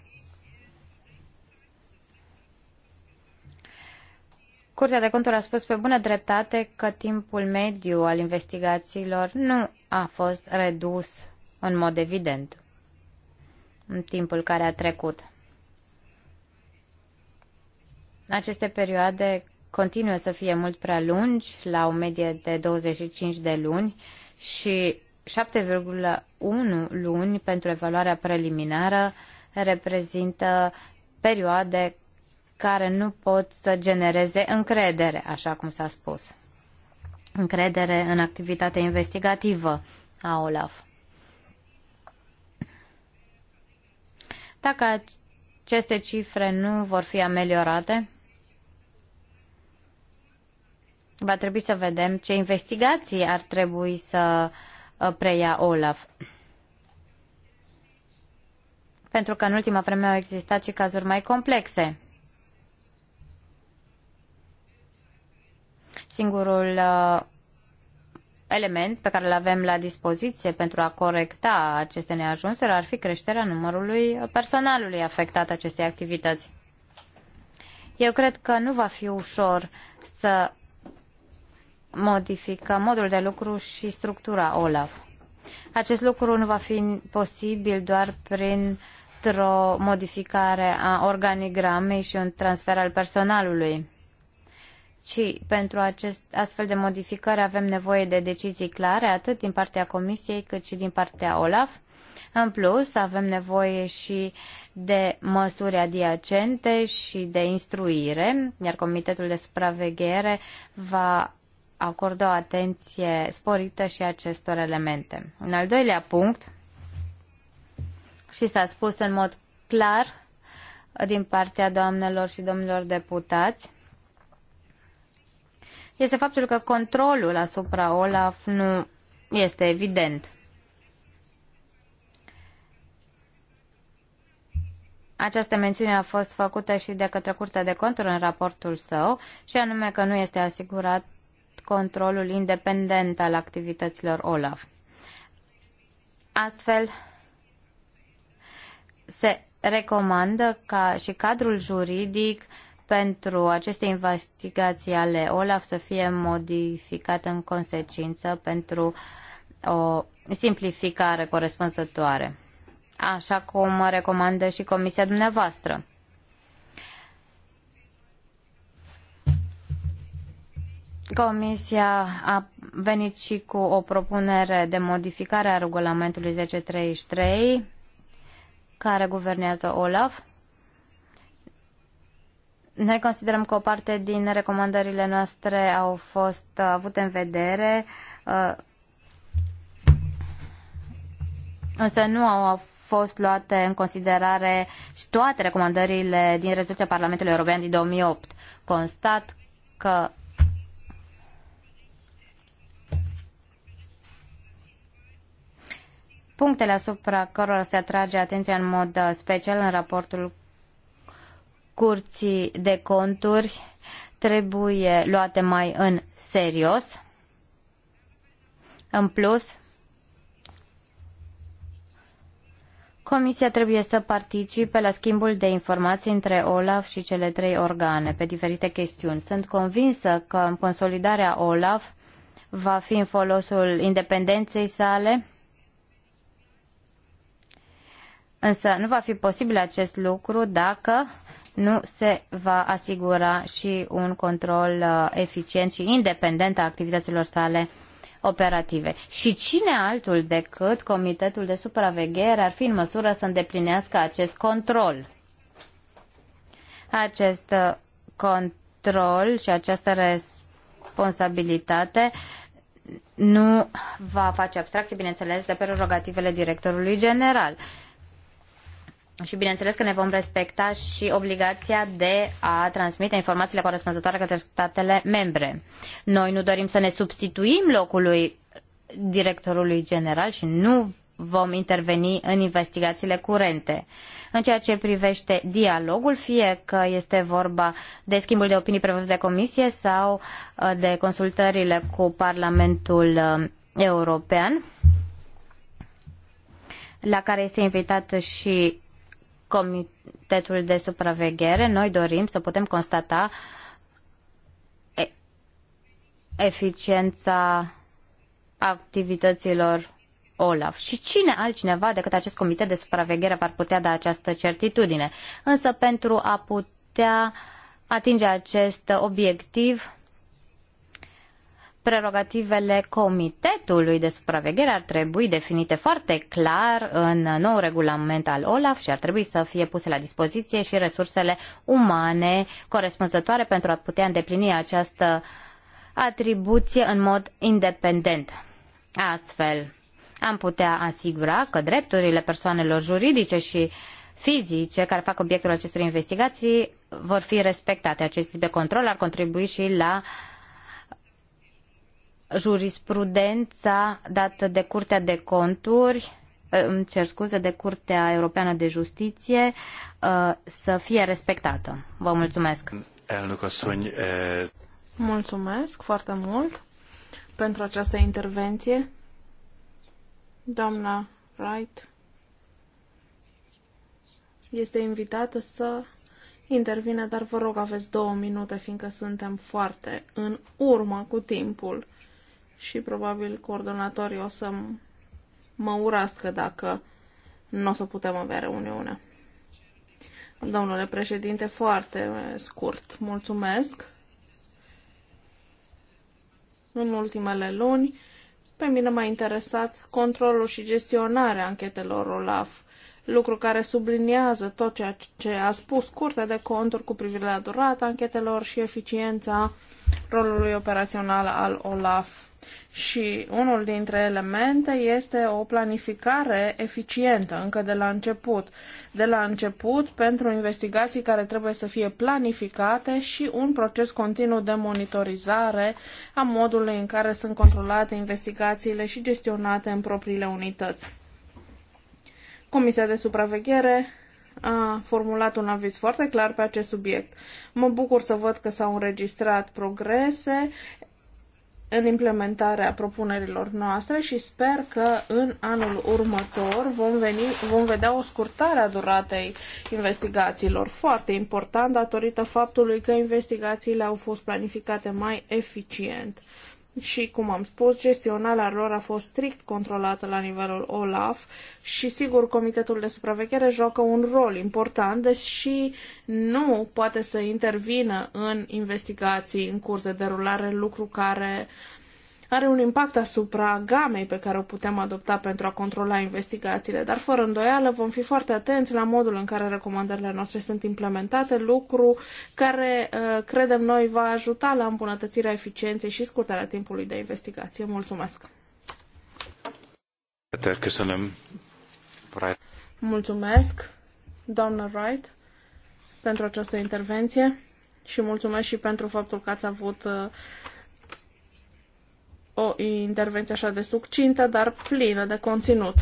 Curtea de conturi a spus pe bună dreptate că timpul mediu al investigațiilor nu a fost redus în mod evident în timpul care a trecut. Aceste perioade continuă să fie mult prea lungi, la o medie de 25 de luni și 7,1 luni pentru evaluarea preliminară reprezintă perioade care nu pot să genereze încredere, așa cum s-a spus. Încredere în activitatea investigativă a OLAF. Dacă aceste cifre nu vor fi ameliorate, va trebui să vedem ce investigații ar trebui să uh, Uh, preia Olaf. Pentru că în ultima vreme au existat și cazuri mai complexe. Singurul uh, element pe care îl avem la dispoziție pentru a corecta aceste neajunsuri ar fi creșterea numărului personalului afectat acestei activități. Eu cred că nu va fi ușor să modifică modul de lucru și structura OLAF. Acest lucru nu va fi posibil doar printr-o modificare a organigramei și un transfer al personalului, ci pentru acest astfel de modificări avem nevoie de decizii clare, atât din partea Comisiei cât și din partea OLAF. În plus, avem nevoie și de măsuri adiacente și de instruire, iar Comitetul de Supraveghere va acordă o atenție sporită și acestor elemente. În al doilea punct, și s-a spus în mod clar din partea doamnelor și domnilor deputați, este faptul că controlul asupra OLAF nu este evident. Această mențiune a fost făcută și de către Curtea de Conturi în raportul său, și anume că nu este asigurat controlul independent al activităților OLAF. Astfel, se recomandă ca și cadrul juridic pentru aceste investigații ale OLAF să fie modificat în consecință pentru o simplificare corespunzătoare, așa cum recomandă și comisia dumneavoastră. Comisia a venit și cu o propunere de modificare a regulamentului 1033 care guvernează OLAF. Noi considerăm că o parte din recomandările noastre au fost uh, avute în vedere, uh, însă nu au fost luate în considerare și toate recomandările din rezoluția Parlamentului European din 2008. Constat că Punctele asupra cărora se atrage atenția în mod uh, special în raportul Curții de Conturi trebuie luate mai în serios. În plus, Comisia trebuie să participe la schimbul de informații între OLAF și cele trei organe pe diferite chestiuni. Sunt convinsă că consolidarea OLAF va fi în folosul independenței sale, Însă nu va fi posibil acest lucru dacă nu se va asigura și un control uh, eficient și independent a activităților sale operative. Și cine altul decât Comitetul de Supraveghere ar fi în măsură să îndeplinească acest control? Acest uh, control și această responsabilitate nu va face abstracție, bineînțeles, de prerogativele directorului general. Uh, și bineînțeles că ne vom respecta și obligația de a transmite informațiile corespunzătoare către statele membre. Noi nu dorim să ne substituim locului directorului general și nu vom interveni în investigațiile curente. În ceea ce privește dialogul, fie că este vorba de schimbul de opinii prevăzut de comisie sau uh, de consultările cu Parlamentul uh, European, la care este invitată și Comitetul de Supraveghere, noi dorim să putem constata eficiența activităților Olaf. Și cine altcineva decât acest comitet de supraveghere ar putea da această certitudine? Însă pentru a putea atinge acest obiectiv, prerogativele Comitetului de Supraveghere ar trebui definite foarte clar în nou regulament al OLAF și ar trebui să fie puse la dispoziție și resursele umane corespunzătoare pentru a putea îndeplini această atribuție în mod independent. Astfel, am putea asigura că drepturile persoanelor juridice și fizice care fac obiectul acestor investigații vor fi respectate. Acest tip de control ar contribui și la uh, jurisprudența dată de Curtea de Conturi, eh, îmi cer scuze, de Curtea Europeană de Justiție eh, să fie respectată. Vă mulțumesc! Eh, mulțumesc foarte mult pentru această intervenție. Doamna Wright este invitată să intervine, dar vă rog aveți două minute, fiindcă suntem foarte în urmă cu timpul și probabil coordonatorii o să mă urască dacă nu o să putem avea reuniune. Domnule președinte, foarte scurt. Mulțumesc. În ultimele luni, pe mine m-a interesat controlul și gestionarea anchetelor OLAF, lucru care subliniază tot ceea ce a spus Curtea de Conturi cu privire la durata anchetelor și eficiența rolului operațional al OLAF și unul dintre elemente este o planificare eficientă încă de la început. De la început pentru investigații care trebuie să fie planificate și un proces continuu de monitorizare a modului în care sunt controlate investigațiile și gestionate în propriile unități. Comisia de supraveghere a formulat un aviz foarte clar pe acest subiect. Mă bucur să văd că s-au înregistrat progrese, în implementarea propunerilor noastre și sper că în anul următor vom, veni, vom vedea o scurtare a duratei investigațiilor. Foarte important datorită faptului că investigațiile au fost planificate mai eficient și, cum am spus, gestionarea lor a fost strict controlată la nivelul OLAF și, sigur, Comitetul de Supraveghere joacă un rol important, deși nu poate să intervină în investigații în curs de derulare, lucru care uh, are un impact asupra gamei pe care o putem adopta pentru a controla investigațiile, dar fără îndoială vom fi foarte atenți la modul în care recomandările noastre sunt implementate, lucru care uh, credem noi va ajuta la îmbunătățirea eficienței și scurtarea timpului de investigație. Mulțumesc! Mulțumesc, doamnă Wright, pentru această intervenție și mulțumesc și pentru faptul că ați avut uh, o intervenție așa de succintă, dar plină de conținut.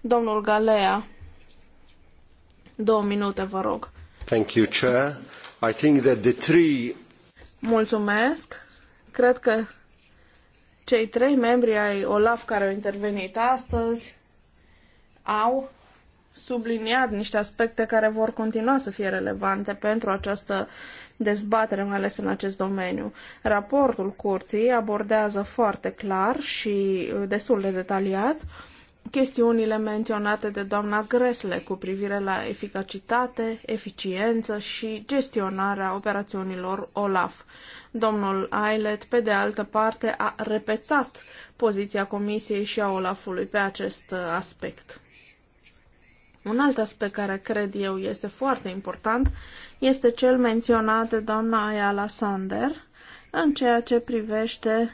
Domnul Galea, două minute, vă rog. Thank you, Chair. I think that the three... Mulțumesc. Cred că cei trei membri ai OLAF care au intervenit astăzi au subliniat niște aspecte care vor continua să fie relevante pentru această dezbatere, mai ales în acest domeniu. Raportul curții abordează foarte clar și uh, destul de detaliat chestiunile menționate de doamna Gresle cu privire la eficacitate, eficiență și gestionarea operațiunilor OLAF. Domnul Ailet, pe de altă parte, a repetat poziția Comisiei și a OLAF-ului pe acest uh, aspect. Un alt aspect care cred eu este foarte important este cel menționat de doamna Ayala Sander în ceea ce privește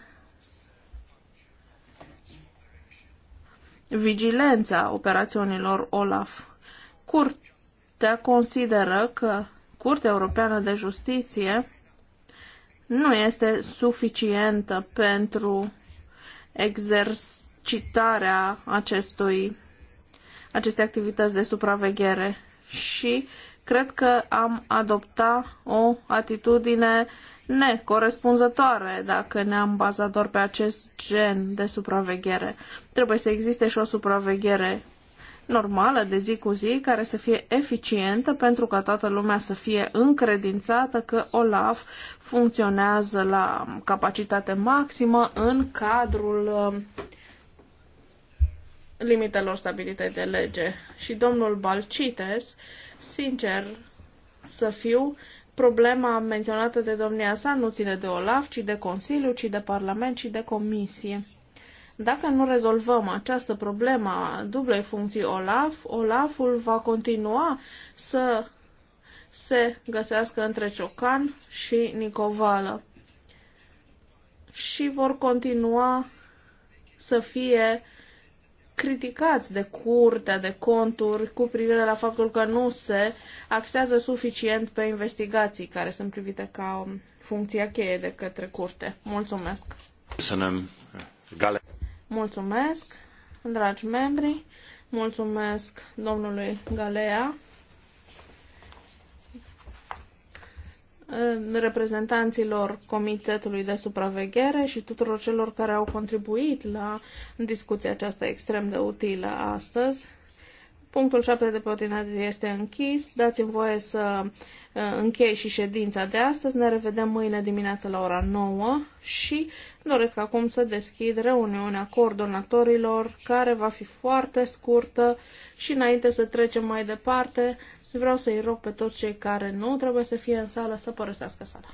vigilența operațiunilor OLAF. Curtea consideră că Curtea Europeană de Justiție nu este suficientă pentru exercitarea acestui aceste activități de supraveghere și cred că am adoptat o atitudine necorespunzătoare dacă ne-am bazat doar pe acest gen de supraveghere. Trebuie să existe și o supraveghere normală de zi cu zi care să fie eficientă pentru ca toată lumea să fie încredințată că OLAF funcționează la capacitate maximă în cadrul um, limitelor stabilite de lege. Și domnul Balcites, sincer să fiu, problema menționată de domnia sa nu ține de OLAF, ci de Consiliu, ci de Parlament, ci de Comisie. Dacă nu rezolvăm această problemă a dublei funcții OLAF, OLAF-ul va continua să se găsească între Ciocan și Nicovală și vor continua să fie criticați de curtea de conturi cu privire la faptul că nu se axează suficient pe investigații care sunt privite ca funcția cheie de către curte. Mulțumesc! Mulțumesc, dragi membri! Mulțumesc domnului Galea reprezentanților Comitetului de Supraveghere și tuturor celor care au contribuit la discuția aceasta extrem de utilă astăzi. Punctul 7 de pe este închis. Dați-mi voie să uh, închei și ședința de astăzi. Ne revedem mâine dimineață la ora 9 și doresc acum să deschid reuniunea coordonatorilor, care va fi foarte scurtă și înainte să trecem mai departe, Vreau să-i rog pe toți cei care nu trebuie să fie în sală să părăsească sala.